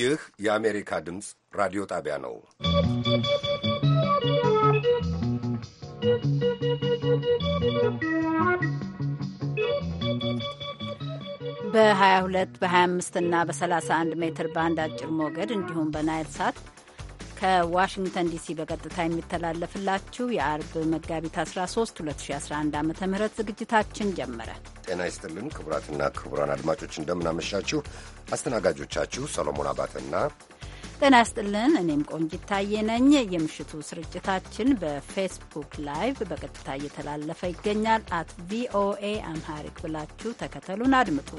ይህ የአሜሪካ ድምፅ ራዲዮ ጣቢያ ነው። በ22 በ25 እና በ31 ሜትር ባንድ አጭር ሞገድ እንዲሁም በናይል ሳት ከዋሽንግተን ዲሲ በቀጥታ የሚተላለፍላችሁ የአርብ መጋቢት 13 2011 ዓ ም ዝግጅታችን ጀመረ። ጤና ይስጥልን ክቡራትና ክቡራን አድማጮች እንደምናመሻችሁ። አስተናጋጆቻችሁ ሰሎሞን አባተና ጤና ይስጥልን እኔም ቆንጂት ታዬ ነኝ። የምሽቱ ስርጭታችን በፌስቡክ ላይቭ በቀጥታ እየተላለፈ ይገኛል። አት ቪኦኤ አምሃሪክ ብላችሁ ተከተሉን አድምጡ።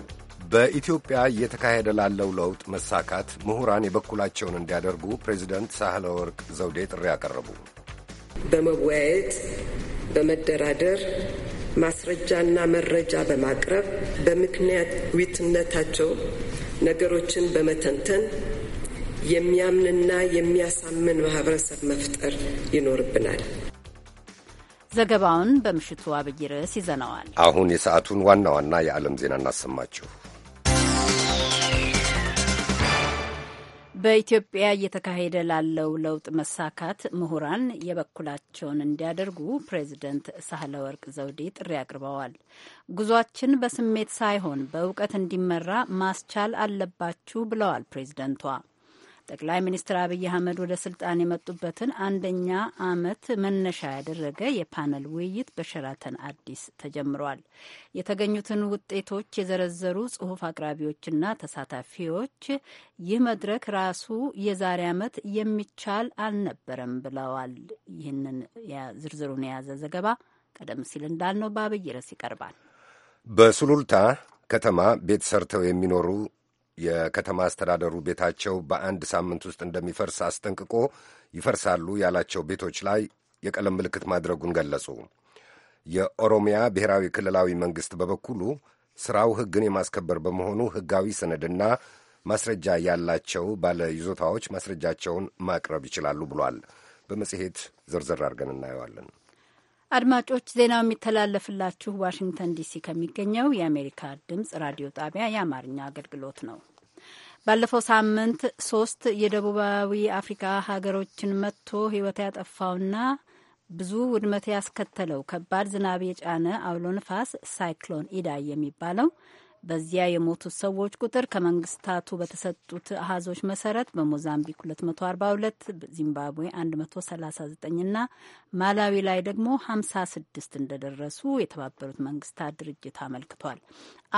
በኢትዮጵያ እየተካሄደ ላለው ለውጥ መሳካት ምሁራን የበኩላቸውን እንዲያደርጉ ፕሬዚደንት ሳህለ ወርቅ ዘውዴ ጥሪ አቀረቡ። በመወያየት በመደራደር ማስረጃና መረጃ በማቅረብ በምክንያት ዊትነታቸው ነገሮችን በመተንተን የሚያምንና የሚያሳምን ማህበረሰብ መፍጠር ይኖርብናል። ዘገባውን በምሽቱ አብይ ርዕስ ይዘነዋል። አሁን የሰዓቱን ዋና ዋና የዓለም ዜና እናሰማችሁ። በኢትዮጵያ እየተካሄደ ላለው ለውጥ መሳካት ምሁራን የበኩላቸውን እንዲያደርጉ ፕሬዚደንት ሳህለ ወርቅ ዘውዴ ጥሪ አቅርበዋል። ጉዟችን በስሜት ሳይሆን በእውቀት እንዲመራ ማስቻል አለባችሁ ብለዋል ፕሬዚደንቷ። ጠቅላይ ሚኒስትር አብይ አህመድ ወደ ስልጣን የመጡበትን አንደኛ ዓመት መነሻ ያደረገ የፓነል ውይይት በሸራተን አዲስ ተጀምሯል። የተገኙትን ውጤቶች የዘረዘሩ ጽሁፍ አቅራቢዎችና ተሳታፊዎች ይህ መድረክ ራሱ የዛሬ ዓመት የሚቻል አልነበረም ብለዋል። ይህንን ዝርዝሩን የያዘ ዘገባ ቀደም ሲል እንዳልነው በአብይ ርዕስ ይቀርባል። በሱሉልታ ከተማ ቤት ሰርተው የሚኖሩ የከተማ አስተዳደሩ ቤታቸው በአንድ ሳምንት ውስጥ እንደሚፈርስ አስጠንቅቆ ይፈርሳሉ ያላቸው ቤቶች ላይ የቀለም ምልክት ማድረጉን ገለጹ። የኦሮሚያ ብሔራዊ ክልላዊ መንግሥት በበኩሉ ሥራው ሕግን የማስከበር በመሆኑ ሕጋዊ ሰነድና ማስረጃ ያላቸው ባለ ይዞታዎች ማስረጃቸውን ማቅረብ ይችላሉ ብሏል። በመጽሔት ዝርዝር አድርገን እናየዋለን። አድማጮች ዜናው የሚተላለፍላችሁ ዋሽንግተን ዲሲ ከሚገኘው የአሜሪካ ድምጽ ራዲዮ ጣቢያ የአማርኛ አገልግሎት ነው። ባለፈው ሳምንት ሶስት የደቡባዊ አፍሪካ ሀገሮችን መጥቶ ሕይወት ያጠፋውና ብዙ ውድመት ያስከተለው ከባድ ዝናብ የጫነ አውሎ ንፋስ ሳይክሎን ኢዳይ የሚባለው በዚያ የሞቱት ሰዎች ቁጥር ከመንግስታቱ በተሰጡት አሃዞች መሰረት በሞዛምቢክ 242፣ ዚምባብዌ 139 እና ማላዊ ላይ ደግሞ 56 እንደደረሱ የተባበሩት መንግስታት ድርጅት አመልክቷል።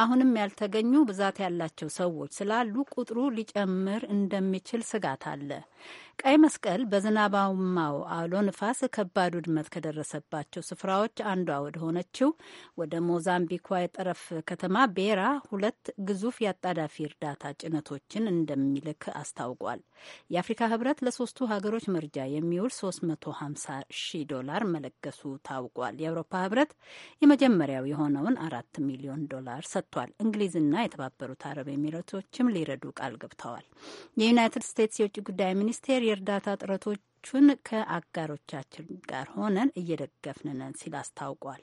አሁንም ያልተገኙ ብዛት ያላቸው ሰዎች ስላሉ ቁጥሩ ሊጨምር እንደሚችል ስጋት አለ። ቀይ መስቀል በዝናባማው አውሎ ንፋስ ከባድ ውድመት ከደረሰባቸው ስፍራዎች አንዷ ወደ ሆነችው ወደ ሞዛምቢኳ የጠረፍ ከተማ ቤራ ሁለት ግዙፍ የአጣዳፊ እርዳታ ጭነቶችን እንደሚልክ አስታውቋል። የአፍሪካ ህብረት ለሶስቱ ሀገሮች መርጃ የሚውል 350 ሺህ ዶላር መለገሱ ታውቋል። የአውሮፓ ህብረት የመጀመሪያው የሆነውን አራት ሚሊዮን ዶላር ሰጥቷል። እንግሊዝና የተባበሩት አረብ ኤሚሬቶችም ሊረዱ ቃል ገብተዋል። የዩናይትድ ስቴትስ የውጭ ጉዳይ ሚኒስቴር የእርዳታ ጥረቶቹን ከአጋሮቻችን ጋር ሆነን እየደገፍን ነን ሲል አስታውቋል።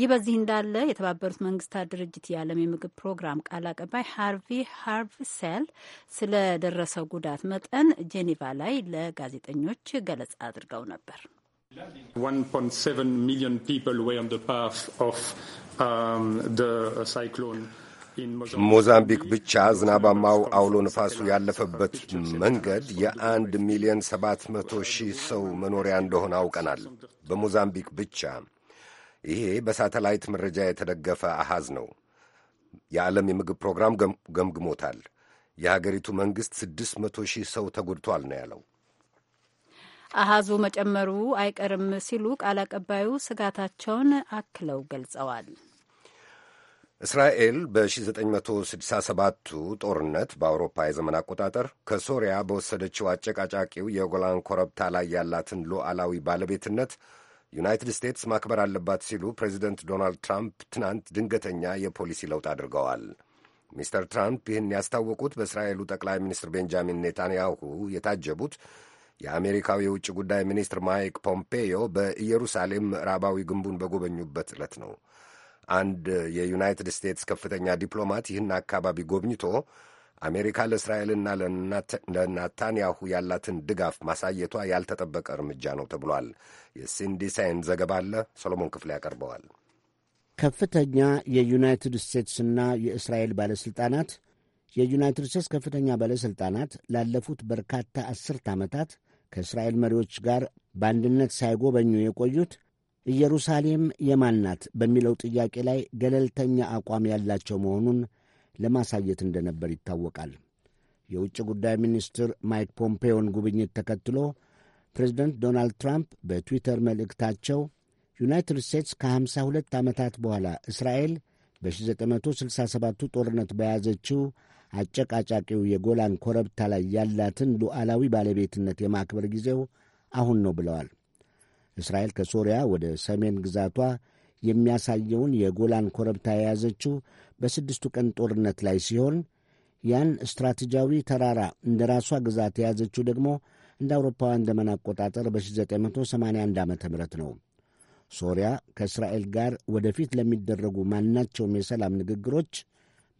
ይህ በዚህ እንዳለ የተባበሩት መንግስታት ድርጅት የዓለም የምግብ ፕሮግራም ቃል አቀባይ ሃርቪ ሃርቪሴል ስለደረሰው ጉዳት መጠን ጄኔቫ ላይ ለጋዜጠኞች ገለጻ አድርገው ነበር። ሚሊዮን million people ሞዛምቢክ ብቻ ዝናባማው አውሎ ነፋሱ ያለፈበት መንገድ የአንድ ሚሊዮን ሰባት መቶ ሺህ ሰው መኖሪያ እንደሆነ አውቀናል። በሞዛምቢክ ብቻ ይሄ በሳተላይት መረጃ የተደገፈ አሃዝ ነው። የዓለም የምግብ ፕሮግራም ገምግሞታል። የሀገሪቱ መንግሥት ስድስት መቶ ሺህ ሰው ተጎድቷል ነው ያለው። አሃዙ መጨመሩ አይቀርም ሲሉ ቃል አቀባዩ ስጋታቸውን አክለው ገልጸዋል። እስራኤል በ1967ቱ ጦርነት በአውሮፓ የዘመን አቆጣጠር ከሶሪያ በወሰደችው አጨቃጫቂው የጎላን ኮረብታ ላይ ያላትን ሉዓላዊ ባለቤትነት ዩናይትድ ስቴትስ ማክበር አለባት ሲሉ ፕሬዚደንት ዶናልድ ትራምፕ ትናንት ድንገተኛ የፖሊሲ ለውጥ አድርገዋል። ሚስተር ትራምፕ ይህን ያስታወቁት በእስራኤሉ ጠቅላይ ሚኒስትር ቤንጃሚን ኔታንያሁ የታጀቡት የአሜሪካው የውጭ ጉዳይ ሚኒስትር ማይክ ፖምፔዮ በኢየሩሳሌም ምዕራባዊ ግንቡን በጎበኙበት ዕለት ነው። አንድ የዩናይትድ ስቴትስ ከፍተኛ ዲፕሎማት ይህን አካባቢ ጎብኝቶ አሜሪካ ለእስራኤልና ለናታንያሁ ያላትን ድጋፍ ማሳየቷ ያልተጠበቀ እርምጃ ነው ተብሏል። የሲንዲ ሳይን ዘገባ አለ፣ ሰሎሞን ክፍሌ ያቀርበዋል። ከፍተኛ የዩናይትድ ስቴትስና የእስራኤል ባለሥልጣናት የዩናይትድ ስቴትስ ከፍተኛ ባለሥልጣናት ላለፉት በርካታ አስርት ዓመታት ከእስራኤል መሪዎች ጋር በአንድነት ሳይጎበኙ የቆዩት ኢየሩሳሌም የማን ናት በሚለው ጥያቄ ላይ ገለልተኛ አቋም ያላቸው መሆኑን ለማሳየት እንደነበር ይታወቃል። የውጭ ጉዳይ ሚኒስትር ማይክ ፖምፔዮን ጉብኝት ተከትሎ ፕሬዚደንት ዶናልድ ትራምፕ በትዊተር መልእክታቸው ዩናይትድ ስቴትስ ከ52 ዓመታት በኋላ እስራኤል በ1967ቱ ጦርነት በያዘችው አጨቃጫቂው የጎላን ኮረብታ ላይ ያላትን ሉዓላዊ ባለቤትነት የማክበር ጊዜው አሁን ነው ብለዋል። እስራኤል ከሶሪያ ወደ ሰሜን ግዛቷ የሚያሳየውን የጎላን ኮረብታ የያዘችው በስድስቱ ቀን ጦርነት ላይ ሲሆን ያን ስትራቴጂያዊ ተራራ እንደ ራሷ ግዛት የያዘችው ደግሞ እንደ አውሮፓውያን ዘመን አቆጣጠር በ1981 ዓ ም ነው። ሶሪያ ከእስራኤል ጋር ወደፊት ለሚደረጉ ማናቸውም የሰላም ንግግሮች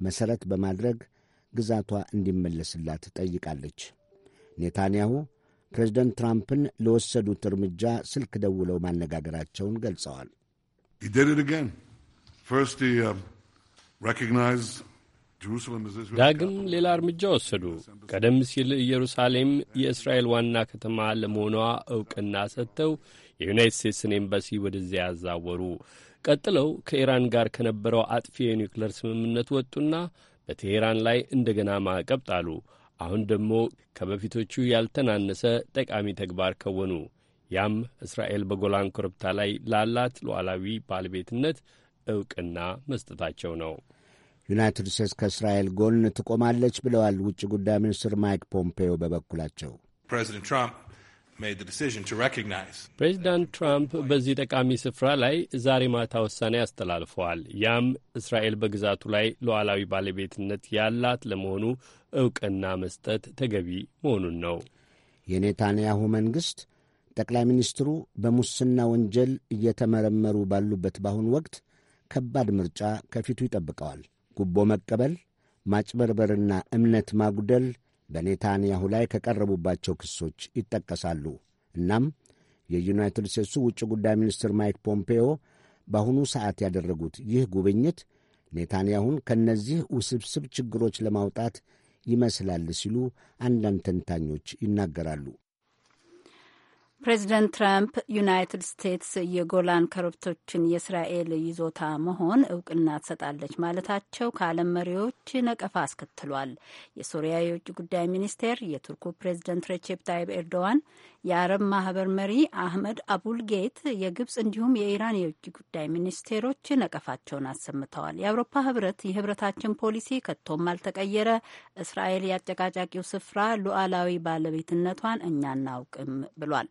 መሠረት በማድረግ ግዛቷ እንዲመለስላት ጠይቃለች። ኔታንያሁ ፕሬዚደንት ትራምፕን ለወሰዱት እርምጃ ስልክ ደውለው ማነጋገራቸውን ገልጸዋል። um, ዳግም ሌላ እርምጃ ወሰዱ። ቀደም ሲል ኢየሩሳሌም የእስራኤል ዋና ከተማ ለመሆኗ እውቅና ሰጥተው የዩናይት ስቴትስን ኤምባሲ ወደዚያ ያዛወሩ። ቀጥለው ከኢራን ጋር ከነበረው አጥፊ የኒውክሌር ስምምነት ወጡና በቴሄራን ላይ እንደገና ማዕቀብ ጣሉ። አሁን ደግሞ ከበፊቶቹ ያልተናነሰ ጠቃሚ ተግባር ከወኑ። ያም እስራኤል በጎላን ኮረብታ ላይ ላላት ሉዓላዊ ባለቤትነት እውቅና መስጠታቸው ነው። ዩናይትድ ስቴትስ ከእስራኤል ጎን ትቆማለች ብለዋል ውጭ ጉዳይ ሚኒስትር ማይክ ፖምፔዮ በበኩላቸው ፕሬዚደንት ትራምፕ ፕሬዚዳንት ትራምፕ በዚህ ጠቃሚ ስፍራ ላይ ዛሬ ማታ ውሳኔ አስተላልፈዋል። ያም እስራኤል በግዛቱ ላይ ሉዓላዊ ባለቤትነት ያላት ለመሆኑ እውቅና መስጠት ተገቢ መሆኑን ነው። የኔታንያሁ መንግሥት ጠቅላይ ሚኒስትሩ በሙስና ወንጀል እየተመረመሩ ባሉበት በአሁኑ ወቅት ከባድ ምርጫ ከፊቱ ይጠብቀዋል። ጉቦ መቀበል፣ ማጭበርበርና እምነት ማጉደል በኔታንያሁ ላይ ከቀረቡባቸው ክሶች ይጠቀሳሉ። እናም የዩናይትድ ስቴትሱ ውጭ ጉዳይ ሚኒስትር ማይክ ፖምፔዮ በአሁኑ ሰዓት ያደረጉት ይህ ጉብኝት ኔታንያሁን ከእነዚህ ውስብስብ ችግሮች ለማውጣት ይመስላል ሲሉ አንዳንድ ተንታኞች ይናገራሉ። ፕሬዚደንት ትራምፕ ዩናይትድ ስቴትስ የጎላን ከረብቶችን የእስራኤል ይዞታ መሆን እውቅና ትሰጣለች ማለታቸው ከዓለም መሪዎች ነቀፋ አስከትሏል። የሶሪያ የውጭ ጉዳይ ሚኒስቴር የቱርኩ ፕሬዚደንት ሬቼፕ ታይብ ኤርዶዋን የአረብ ማህበር መሪ አህመድ አቡል ጌት የግብፅ እንዲሁም የኢራን የውጭ ጉዳይ ሚኒስቴሮች ነቀፋቸውን አሰምተዋል። የአውሮፓ ህብረት የህብረታችን ፖሊሲ ከቶም አልተቀየረ፣ እስራኤል የአጨቃጫቂው ስፍራ ሉዓላዊ ባለቤትነቷን እኛ እናውቅም ብሏል።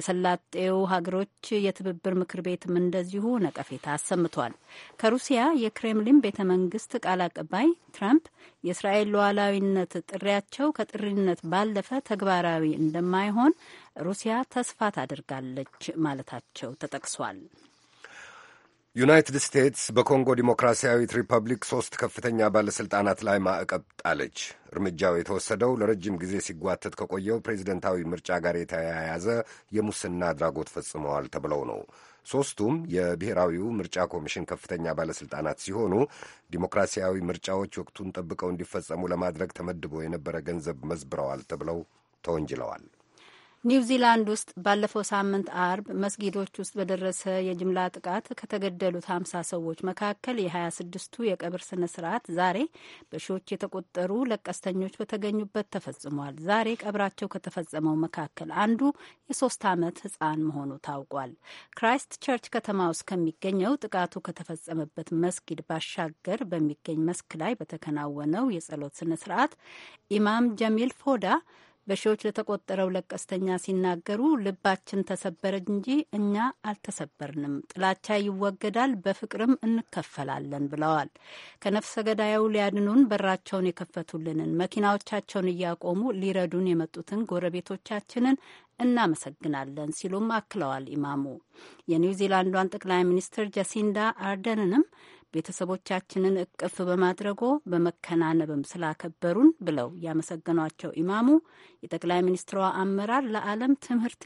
የሰላጤው ሀገሮች የትብብር ምክር ቤትም እንደዚሁ ነቀፌታ አሰምቷል። ከሩሲያ የክሬምሊን ቤተ መንግስት ቃል አቀባይ ትራምፕ የእስራኤል ሉዓላዊነት ጥሪያቸው ከጥሪነት ባለፈ ተግባራዊ እንደማይሆን ሩሲያ ተስፋ ታደርጋለች ማለታቸው ተጠቅሷል። ዩናይትድ ስቴትስ በኮንጎ ዲሞክራሲያዊት ሪፐብሊክ ሦስት ከፍተኛ ባለሥልጣናት ላይ ማዕቀብ ጣለች። እርምጃው የተወሰደው ለረጅም ጊዜ ሲጓተት ከቆየው ፕሬዚደንታዊ ምርጫ ጋር የተያያዘ የሙስና አድራጎት ፈጽመዋል ተብለው ነው። ሦስቱም የብሔራዊው ምርጫ ኮሚሽን ከፍተኛ ባለሥልጣናት ሲሆኑ ዲሞክራሲያዊ ምርጫዎች ወቅቱን ጠብቀው እንዲፈጸሙ ለማድረግ ተመድቦ የነበረ ገንዘብ መዝብረዋል ተብለው ተወንጅለዋል። ኒውዚላንድ ውስጥ ባለፈው ሳምንት አርብ መስጊዶች ውስጥ በደረሰ የጅምላ ጥቃት ከተገደሉት ሀምሳ ሰዎች መካከል የሀያ ስድስቱ የቀብር ስነ ስርዓት ዛሬ በሺዎች የተቆጠሩ ለቀስተኞች በተገኙበት ተፈጽሟል። ዛሬ ቀብራቸው ከተፈጸመው መካከል አንዱ የሶስት ዓመት ህጻን መሆኑ ታውቋል። ክራይስት ቸርች ከተማ ውስጥ ከሚገኘው ጥቃቱ ከተፈጸመበት መስጊድ ባሻገር በሚገኝ መስክ ላይ በተከናወነው የጸሎት ስነ ስርዓት ኢማም ጀሚል ፎዳ በሺዎች ለተቆጠረው ለቀስተኛ ሲናገሩ ልባችን ተሰበረ እንጂ እኛ አልተሰበርንም፣ ጥላቻ ይወገዳል፣ በፍቅርም እንከፈላለን ብለዋል። ከነፍሰ ገዳዩ ሊያድኑን በራቸውን የከፈቱልንን መኪናዎቻቸውን እያቆሙ ሊረዱን የመጡትን ጎረቤቶቻችንን እናመሰግናለን ሲሉም አክለዋል። ኢማሙ የኒውዚላንዷን ጠቅላይ ሚኒስትር ጃሲንዳ አርደንንም ቤተሰቦቻችንን እቅፍ በማድረጎ በመከናነብም ስላከበሩን ብለው ያመሰገኗቸው ኢማሙ የጠቅላይ ሚኒስትሯ አመራር ለዓለም ትምህርት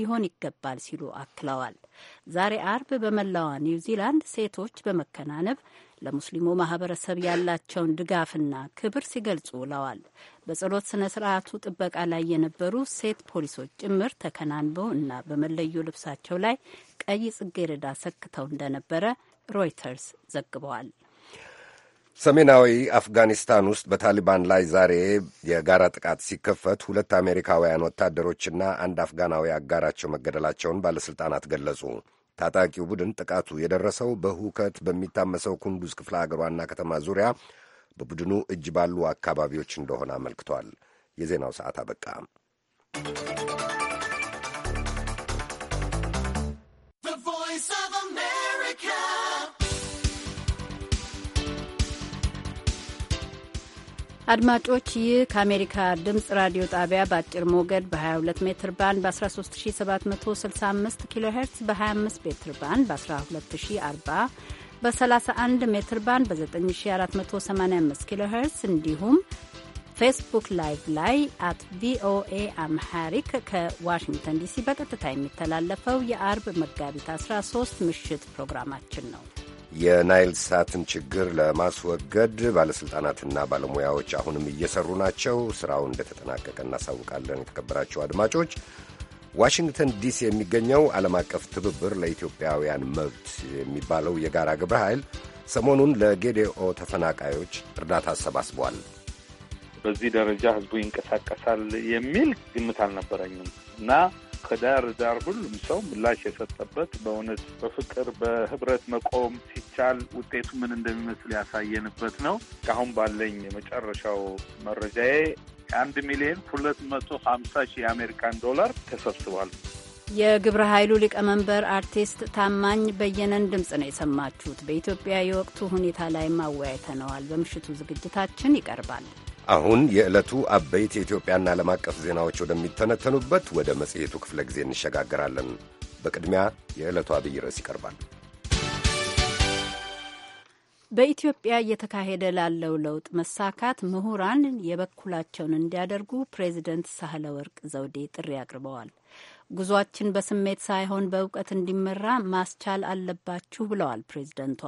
ሊሆን ይገባል ሲሉ አክለዋል። ዛሬ አርብ በመላዋ ኒውዚላንድ ሴቶች በመከናነብ ለሙስሊሙ ማህበረሰብ ያላቸውን ድጋፍና ክብር ሲገልጹ ውለዋል። በጸሎት ስነ ስርዓቱ ጥበቃ ላይ የነበሩ ሴት ፖሊሶች ጭምር ተከናንበው እና በመለዮ ልብሳቸው ላይ ቀይ ጽጌረዳ ሰክተው እንደነበረ ሮይተርስ ዘግበዋል። ሰሜናዊ አፍጋኒስታን ውስጥ በታሊባን ላይ ዛሬ የጋራ ጥቃት ሲከፈት ሁለት አሜሪካውያን ወታደሮችና አንድ አፍጋናዊ አጋራቸው መገደላቸውን ባለሥልጣናት ገለጹ። ታጣቂው ቡድን ጥቃቱ የደረሰው በሁከት በሚታመሰው ኩንዱዝ ክፍለ አገር ዋና ከተማ ዙሪያ በቡድኑ እጅ ባሉ አካባቢዎች እንደሆነ አመልክቷል። የዜናው ሰዓት አበቃ። አድማጮች ይህ ከአሜሪካ ድምፅ ራዲዮ ጣቢያ በአጭር ሞገድ በ22 ሜትር ባንድ በ13765 ኪሎ ሄርትስ በ25 ሜትር ባንድ በ1240 በ31 ሜትር ባንድ በ9485 ኪሎ ሄርትስ እንዲሁም ፌስቡክ ላይቭ ላይ አት ቪኦኤ አምሃሪክ ከዋሽንግተን ዲሲ በቀጥታ የሚተላለፈው የአርብ መጋቢት 13 ምሽት ፕሮግራማችን ነው። የናይል ሳትን ችግር ለማስወገድ ባለሥልጣናትና ባለሙያዎች አሁንም እየሰሩ ናቸው። ሥራው እንደተጠናቀቀ እናሳውቃለን። የተከበራችሁ አድማጮች ዋሽንግተን ዲሲ የሚገኘው ዓለም አቀፍ ትብብር ለኢትዮጵያውያን መብት የሚባለው የጋራ ግብረ ኃይል ሰሞኑን ለጌዴኦ ተፈናቃዮች እርዳታ አሰባስቧል። በዚህ ደረጃ ህዝቡ ይንቀሳቀሳል የሚል ግምት አልነበረኝም እና ከዳር ዳር ሁሉም ሰው ምላሽ የሰጠበት በእውነት በፍቅር በህብረት መቆም ሲቻል ውጤቱ ምን እንደሚመስል ያሳየንበት ነው። እስካሁን ባለኝ የመጨረሻው መረጃዬ አንድ ሚሊዮን ሁለት መቶ ሀምሳ ሺህ የአሜሪካን ዶላር ተሰብስቧል። የግብረ ኃይሉ ሊቀመንበር አርቲስት ታማኝ በየነን ድምፅ ነው የሰማችሁት። በኢትዮጵያ የወቅቱ ሁኔታ ላይ ማወያይተነዋል። በምሽቱ ዝግጅታችን ይቀርባል። አሁን የዕለቱ አበይት የኢትዮጵያና ዓለም አቀፍ ዜናዎች ወደሚተነተኑበት ወደ መጽሔቱ ክፍለ ጊዜ እንሸጋገራለን። በቅድሚያ የዕለቱ አብይ ርዕስ ይቀርባል። በኢትዮጵያ እየተካሄደ ላለው ለውጥ መሳካት ምሁራን የበኩላቸውን እንዲያደርጉ ፕሬዚደንት ሳህለ ወርቅ ዘውዴ ጥሪ አቅርበዋል። ጉዟችን በስሜት ሳይሆን በእውቀት እንዲመራ ማስቻል አለባችሁ ብለዋል ፕሬዚደንቷ።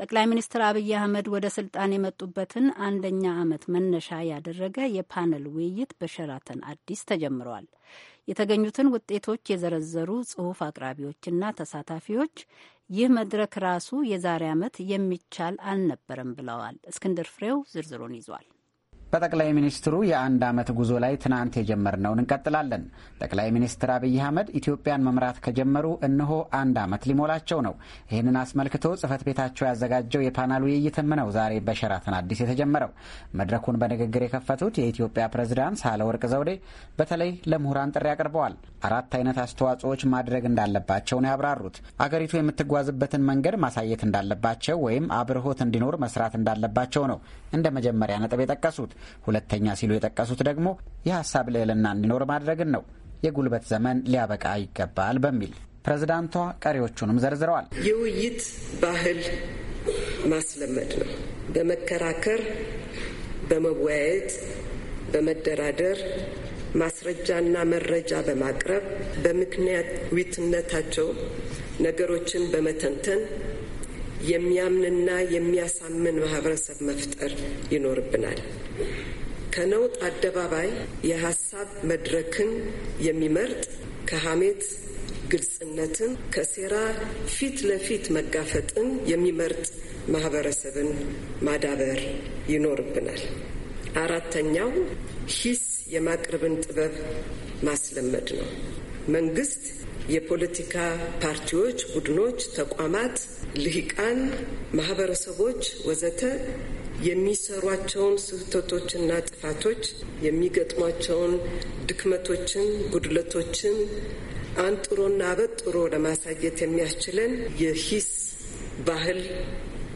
ጠቅላይ ሚኒስትር አብይ አህመድ ወደ ስልጣን የመጡበትን አንደኛ ዓመት መነሻ ያደረገ የፓነል ውይይት በሸራተን አዲስ ተጀምረዋል። የተገኙትን ውጤቶች የዘረዘሩ ጽሑፍ አቅራቢዎችና ተሳታፊዎች ይህ መድረክ ራሱ የዛሬ ዓመት የሚቻል አልነበረም ብለዋል። እስክንድር ፍሬው ዝርዝሩን ይዟል። በጠቅላይ ሚኒስትሩ የአንድ ዓመት ጉዞ ላይ ትናንት የጀመርነውን እንቀጥላለን። ጠቅላይ ሚኒስትር አብይ አህመድ ኢትዮጵያን መምራት ከጀመሩ እነሆ አንድ ዓመት ሊሞላቸው ነው። ይህንን አስመልክቶ ጽህፈት ቤታቸው ያዘጋጀው የፓናል ውይይትም ነው ዛሬ በሸራተን አዲስ የተጀመረው። መድረኩን በንግግር የከፈቱት የኢትዮጵያ ፕሬዝዳንት ሳህለወርቅ ዘውዴ በተለይ ለምሁራን ጥሪ አቅርበዋል። አራት አይነት አስተዋጽኦዎች ማድረግ እንዳለባቸው ነው ያብራሩት። አገሪቱ የምትጓዝበትን መንገድ ማሳየት እንዳለባቸው ወይም አብርሆት እንዲኖር መስራት እንዳለባቸው ነው እንደ መጀመሪያ ነጥብ የጠቀሱት። ሁለተኛ ሲሉ የጠቀሱት ደግሞ የሀሳብ ልዕልና እንዲኖር ማድረግን ነው። የጉልበት ዘመን ሊያበቃ ይገባል በሚል ፕሬዝዳንቷ ቀሪዎቹንም ዘርዝረዋል። የውይይት ባህል ማስለመድ ነው። በመከራከር፣ በመወያየት፣ በመደራደር ማስረጃና መረጃ በማቅረብ በምክንያታዊነታቸው ነገሮችን በመተንተን የሚያምንና የሚያሳምን ማህበረሰብ መፍጠር ይኖርብናል። ከነውጥ አደባባይ የሀሳብ መድረክን የሚመርጥ ከሀሜት ግልጽነትን፣ ከሴራ ፊት ለፊት መጋፈጥን የሚመርጥ ማህበረሰብን ማዳበር ይኖርብናል። አራተኛው ሂስ የማቅረብን ጥበብ ማስለመድ ነው። መንግስት፣ የፖለቲካ ፓርቲዎች፣ ቡድኖች፣ ተቋማት፣ ልሂቃን፣ ማህበረሰቦች ወዘተ የሚሰሯቸውን ስህተቶችና ጥፋቶች የሚገጥሟቸውን ድክመቶችን፣ ጉድለቶችን አንጥሮና አበጥሮ ለማሳየት የሚያስችለን የሂስ ባህል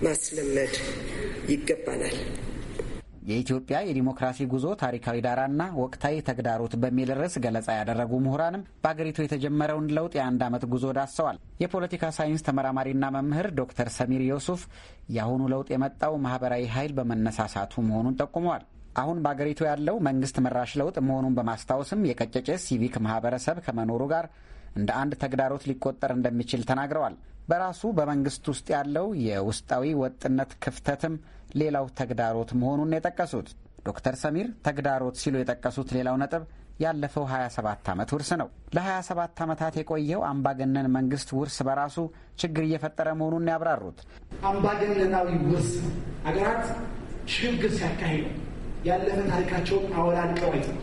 ማስለመድ ይገባናል። የኢትዮጵያ የዲሞክራሲ ጉዞ ታሪካዊ ዳራና ወቅታዊ ተግዳሮት በሚል ርዕስ ገለጻ ያደረጉ ምሁራንም በአገሪቱ የተጀመረውን ለውጥ የአንድ ዓመት ጉዞ ዳሰዋል። የፖለቲካ ሳይንስ ተመራማሪና መምህር ዶክተር ሰሚር ዮሱፍ የአሁኑ ለውጥ የመጣው ማህበራዊ ኃይል በመነሳሳቱ መሆኑን ጠቁመዋል። አሁን በአገሪቱ ያለው መንግስት መራሽ ለውጥ መሆኑን በማስታወስም የቀጨጨ ሲቪክ ማህበረሰብ ከመኖሩ ጋር እንደ አንድ ተግዳሮት ሊቆጠር እንደሚችል ተናግረዋል። በራሱ በመንግስት ውስጥ ያለው የውስጣዊ ወጥነት ክፍተትም ሌላው ተግዳሮት መሆኑን የጠቀሱት ዶክተር ሰሚር ተግዳሮት ሲሉ የጠቀሱት ሌላው ነጥብ ያለፈው 27 ዓመት ውርስ ነው። ለ27 ዓመታት የቆየው አምባገነን መንግስት ውርስ በራሱ ችግር እየፈጠረ መሆኑን ያብራሩት አምባገነናዊ ውርስ አገራት ሽግግር ሲያካሂዱ ያለፈ ታሪካቸው አወላልቀው አይተው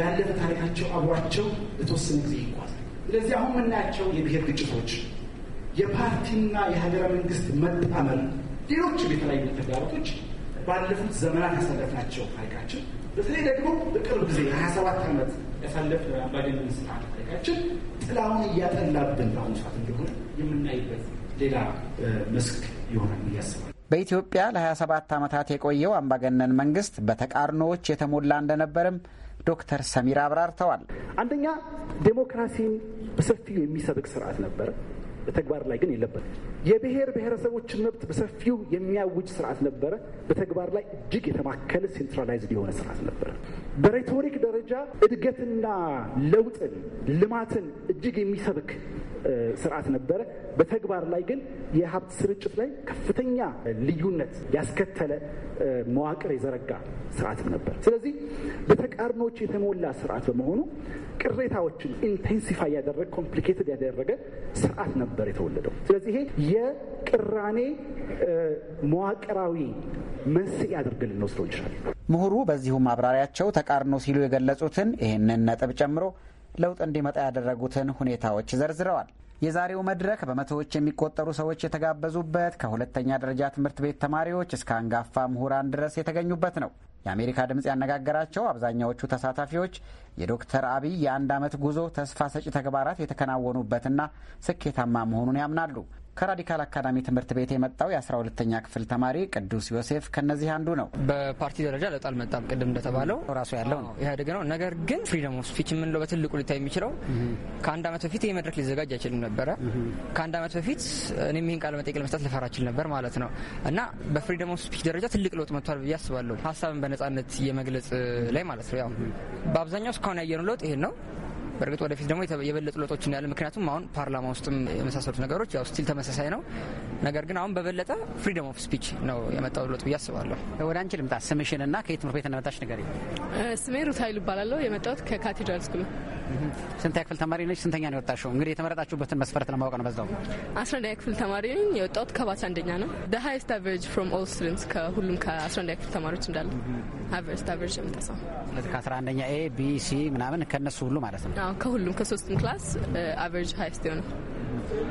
ያለፈ ታሪካቸው አብሯቸው ለተወሰነ ጊዜ ይጓዛል። ስለዚህ አሁን የምናያቸው የብሔር ግጭቶች የፓርቲና የሀገረ መንግስት መጣመር፣ ሌሎች የተለያዩ ተግዳሮቶች ባለፉት ዘመናት ያሳለፍናቸው ታሪካችን በተለይ ደግሞ በቅርብ ጊዜ የሀያ ሰባት ዓመት ያሳለፍ የአምባገነን ስርዓት ታሪካችን ጥላውን እያጠላብን በአሁኑ ሰዓት እንደሆነ የምናይበት ሌላ መስክ ይሆናል እያስባል። በኢትዮጵያ ለ27 ዓመታት የቆየው አምባገነን መንግስት በተቃርኖዎች የተሞላ እንደነበርም ዶክተር ሰሚር አብራርተዋል። አንደኛ ዴሞክራሲን በሰፊው የሚሰብክ ስርዓት ነበር። በተግባር ላይ ግን የለበትም። የብሔር ብሔረሰቦችን መብት በሰፊው የሚያውጅ ስርዓት ነበረ። በተግባር ላይ እጅግ የተማከለ ሴንትራላይዝድ የሆነ ስርዓት ነበረ። በሬቶሪክ ደረጃ እድገትና ለውጥን፣ ልማትን እጅግ የሚሰብክ ስርዓት ነበረ። በተግባር ላይ ግን የሀብት ስርጭት ላይ ከፍተኛ ልዩነት ያስከተለ መዋቅር የዘረጋ ስርዓትም ነበር። ስለዚህ በተቃርኖች የተሞላ ስርዓት በመሆኑ ቅሬታዎችን ኢንቴንሲፋይ ያደረገ ኮምፕሊኬትድ ያደረገ ስርዓት ነበር የተወለደው። ስለዚህ ይሄ የቅራኔ መዋቅራዊ መንስኤ አድርገን ልንወስደው እንችላለን። ምሁሩ በዚሁ ማብራሪያቸው ተቃርኖ ሲሉ የገለጹትን ይህንን ነጥብ ጨምሮ ለውጥ እንዲመጣ ያደረጉትን ሁኔታዎች ዘርዝረዋል። የዛሬው መድረክ በመቶዎች የሚቆጠሩ ሰዎች የተጋበዙበት ከሁለተኛ ደረጃ ትምህርት ቤት ተማሪዎች እስከ አንጋፋ ምሁራን ድረስ የተገኙበት ነው። የአሜሪካ ድምፅ ያነጋገራቸው አብዛኛዎቹ ተሳታፊዎች የዶክተር አብይ የአንድ ዓመት ጉዞ ተስፋ ሰጪ ተግባራት የተከናወኑበትና ስኬታማ መሆኑን ያምናሉ። ከራዲካል አካዳሚ ትምህርት ቤት የመጣው የ12ተኛ ክፍል ተማሪ ቅዱስ ዮሴፍ ከነዚህ አንዱ ነው። በፓርቲ ደረጃ ለውጥ አልመጣም። ቅድም እንደተባለው ራሱ ያለው ነው ኢህአዴግ ነው። ነገር ግን ፍሪደም ኦፍ ስፒች የምንለው በትልቁ ሊታይ የሚችለው ከአንድ ዓመት በፊት ይህ መድረክ ሊዘጋጅ አይችልም ነበረ። ከአንድ ዓመት በፊት እኔም ይህን ቃለ መጠይቅ ለመስጠት ልፈራ እችል ነበር ማለት ነው እና በፍሪደም ኦፍ ስፒች ደረጃ ትልቅ ለውጥ መጥቷል ብዬ አስባለሁ። ሀሳብን በነጻነት የመግለጽ ላይ ማለት ነው። ያው በአብዛኛው እስካሁን ያየነው ለውጥ ይሄን ነው። በእርግጥ ወደፊት ደግሞ የበለጡ ለውጦች እናያለን። ምክንያቱም አሁን ፓርላማ ውስጥም የመሳሰሉት ነገሮች ያው ስቲል ተመሳሳይ ነው። ነገር ግን አሁን በበለጠ ፍሪደም ኦፍ ስፒች ነው የመጣው ለውጥ ብዬ አስባለሁ። ወደ አንቺ ልምጣ። ስምሽን ስምሽንና ከየት ትምህርት ቤት እንደመጣሽ ነገር ስሜ ሩት ኃይሉ እባላለሁ። የመጣሁት ከካቴድራል ስኩል ነው። ስንተኛ ክፍል ተማሪ ነች? ስንተኛ ነው የወጣሽው? እንግዲህ የተመረጣችሁበትን መስፈረት ለማወቅ ነው። በዛው አስራ አንደኛ ክፍል ተማሪ ነኝ። የወጣሁት ከባች አንደኛ ነው። ደ ሀይስት አቨሬጅ ፍሮም ኦል ስቱደንትስ ከሁሉም ከአስራ አንደኛ ክፍል ተማሪዎች እንዳለ አቨሬጅ አቨሬጅ የምታሳው ስለዚህ ከአስራ አንደኛ ኤ ቢ ሲ ምናምን ከእነሱ ሁሉ ማለት ነው ከሁሉም ከሶስቱም ክላስ አቨሬጅ ሀይስት ይሆናል።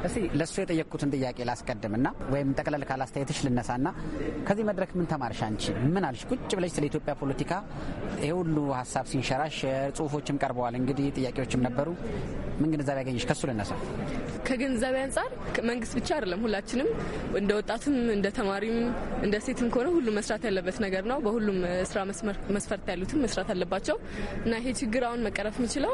እስቲ ለእሱ የጠየቅኩትን ጥያቄ ላስቀድምና ወይም ጠቅለል ካላስተያየትሽ ልነሳና ከዚህ መድረክ ምን ተማርሽ? አንቺ ምን አልሽ? ቁጭ ብለሽ ስለ ኢትዮጵያ ፖለቲካ ይህ ሁሉ ሀሳብ ሲንሸራሽ ጽሁፎችም ቀርበዋል፣ እንግዲህ ጥያቄዎችም ነበሩ። ምን ግንዛቤ ያገኘሽ? ከሱ ልነሳ። ከግንዛቤ አንጻር መንግስት ብቻ አይደለም፣ ሁላችንም እንደ ወጣትም እንደ ተማሪም እንደ ሴትም ከሆነ ሁሉም መስራት ያለበት ነገር ነው። በሁሉም ስራ መስፈርት ያሉትም መስራት አለባቸው እና ይሄ ችግር አሁን መቀረፍ የሚችለው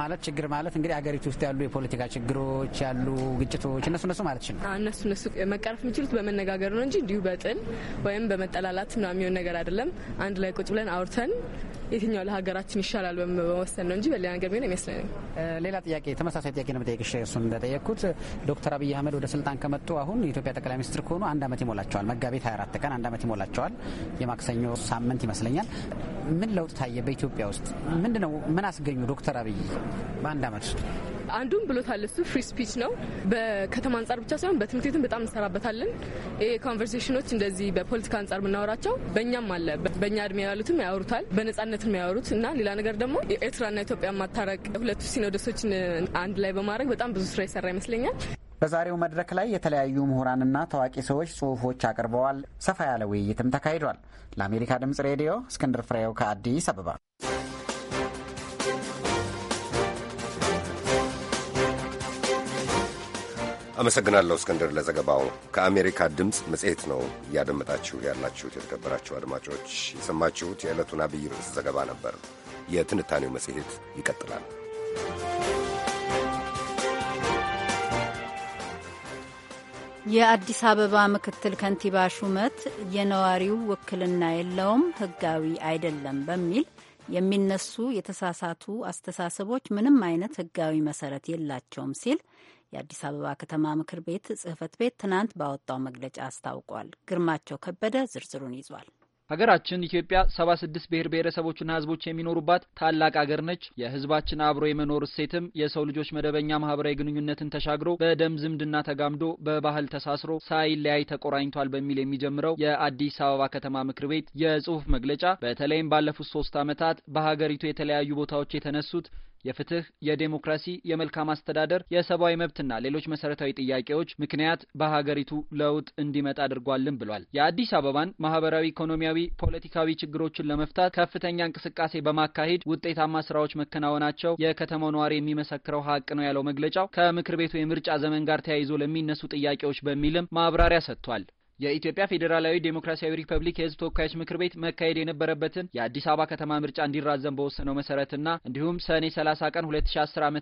ማለት ችግር ማለት እንግዲህ አገሪቱ ውስጥ ያሉ የፖለቲካ ችግሮች ያሉ ግጭቶች እነሱ እነሱ ማለት ነው። እነሱ እነሱ መቀረፍ የሚችሉት በመነጋገር ነው እንጂ እንዲሁ በጥል ወይም በመጠላላት ምናምን የሚሆን ነገር አይደለም። አንድ ላይ ቁጭ ብለን አውርተን የትኛው ለሀገራችን ይሻላል በመወሰን ነው እንጂ በሌላ ነገር ቢሆን አይመስለኝም። ሌላ ጥያቄ፣ ተመሳሳይ ጥያቄ ነው የምጠይቅሽ። እሱን እንደጠየቅኩት ዶክተር አብይ አህመድ ወደ ስልጣን ከመጡ አሁን የኢትዮጵያ ጠቅላይ ሚኒስትር ከሆኑ አንድ ዓመት ይሞላቸዋል። መጋቢት 24 ቀን አንድ ዓመት ይሞላቸዋል። የማክሰኞ ሳምንት ይመስለኛል። ምን ለውጥ ታየ በኢትዮጵያ ውስጥ ምንድነው? ምን አስገኙ ዶክተር ዶክተር አብይ በአንድ አመት ውስጥ አንዱም ብሎታል። እሱ ፍሪ ስፒች ነው። በከተማ አንጻር ብቻ ሳይሆን በትምህርት ቤትም በጣም እንሰራበታለን። ይሄ ኮንቨርሴሽኖች እንደዚህ በፖለቲካ አንጻር የምናወራቸው በእኛም አለ። በእኛ እድሜ ያሉትም ያወሩታል፣ በነጻነትም ያወሩት እና ሌላ ነገር ደግሞ ኤርትራና ኢትዮጵያ ማታረቅ ሁለቱ ሲኖዶሶችን አንድ ላይ በማድረግ በጣም ብዙ ስራ የሰራ ይመስለኛል። በዛሬው መድረክ ላይ የተለያዩ ምሁራንና ታዋቂ ሰዎች ጽሁፎች አቅርበዋል። ሰፋ ያለ ውይይትም ተካሂዷል። ለአሜሪካ ድምጽ ሬዲዮ እስክንድር ፍሬው ከአዲስ አበባ አመሰግናለሁ እስክንድር ለዘገባው። ከአሜሪካ ድምፅ መጽሔት ነው እያደመጣችሁ ያላችሁት። የተከበራችሁ አድማጮች የሰማችሁት የዕለቱን አብይ ርዕስ ዘገባ ነበር። የትንታኔው መጽሔት ይቀጥላል። የአዲስ አበባ ምክትል ከንቲባ ሹመት የነዋሪው ውክልና የለውም፣ ሕጋዊ አይደለም በሚል የሚነሱ የተሳሳቱ አስተሳሰቦች ምንም አይነት ሕጋዊ መሰረት የላቸውም ሲል የአዲስ አበባ ከተማ ምክር ቤት ጽህፈት ቤት ትናንት ባወጣው መግለጫ አስታውቋል። ግርማቸው ከበደ ዝርዝሩን ይዟል። ሀገራችን ኢትዮጵያ ሰባ ስድስት ብሔር ብሔረሰቦችና ህዝቦች የሚኖሩባት ታላቅ ሀገር ነች። የህዝባችን አብሮ የመኖር እሴትም የሰው ልጆች መደበኛ ማህበራዊ ግንኙነትን ተሻግሮ በደም ዝምድና ተጋምዶ በባህል ተሳስሮ ሳይለያይ ተቆራኝቷል በሚል የሚጀምረው የአዲስ አበባ ከተማ ምክር ቤት የጽሁፍ መግለጫ በተለይም ባለፉት ሶስት ዓመታት በሀገሪቱ የተለያዩ ቦታዎች የተነሱት የፍትህ፣ የዴሞክራሲ፣ የመልካም አስተዳደር፣ የሰብአዊ መብትና ሌሎች መሰረታዊ ጥያቄዎች ምክንያት በሀገሪቱ ለውጥ እንዲመጣ አድርጓልን ብሏል። የአዲስ አበባን ማህበራዊ፣ ኢኮኖሚያዊ፣ ፖለቲካዊ ችግሮችን ለመፍታት ከፍተኛ እንቅስቃሴ በማካሄድ ውጤታማ ስራዎች መከናወናቸው የከተማው ነዋሪ የሚመሰክረው ሀቅ ነው ያለው መግለጫው ከምክር ቤቱ የምርጫ ዘመን ጋር ተያይዞ ለሚነሱ ጥያቄዎች በሚልም ማብራሪያ ሰጥቷል። የኢትዮጵያ ፌዴራላዊ ዴሞክራሲያዊ ሪፐብሊክ የህዝብ ተወካዮች ምክር ቤት መካሄድ የነበረበትን የአዲስ አበባ ከተማ ምርጫ እንዲራዘም በወሰነው መሰረትና እንዲሁም ሰኔ 30 ቀን 2010 ዓ.ም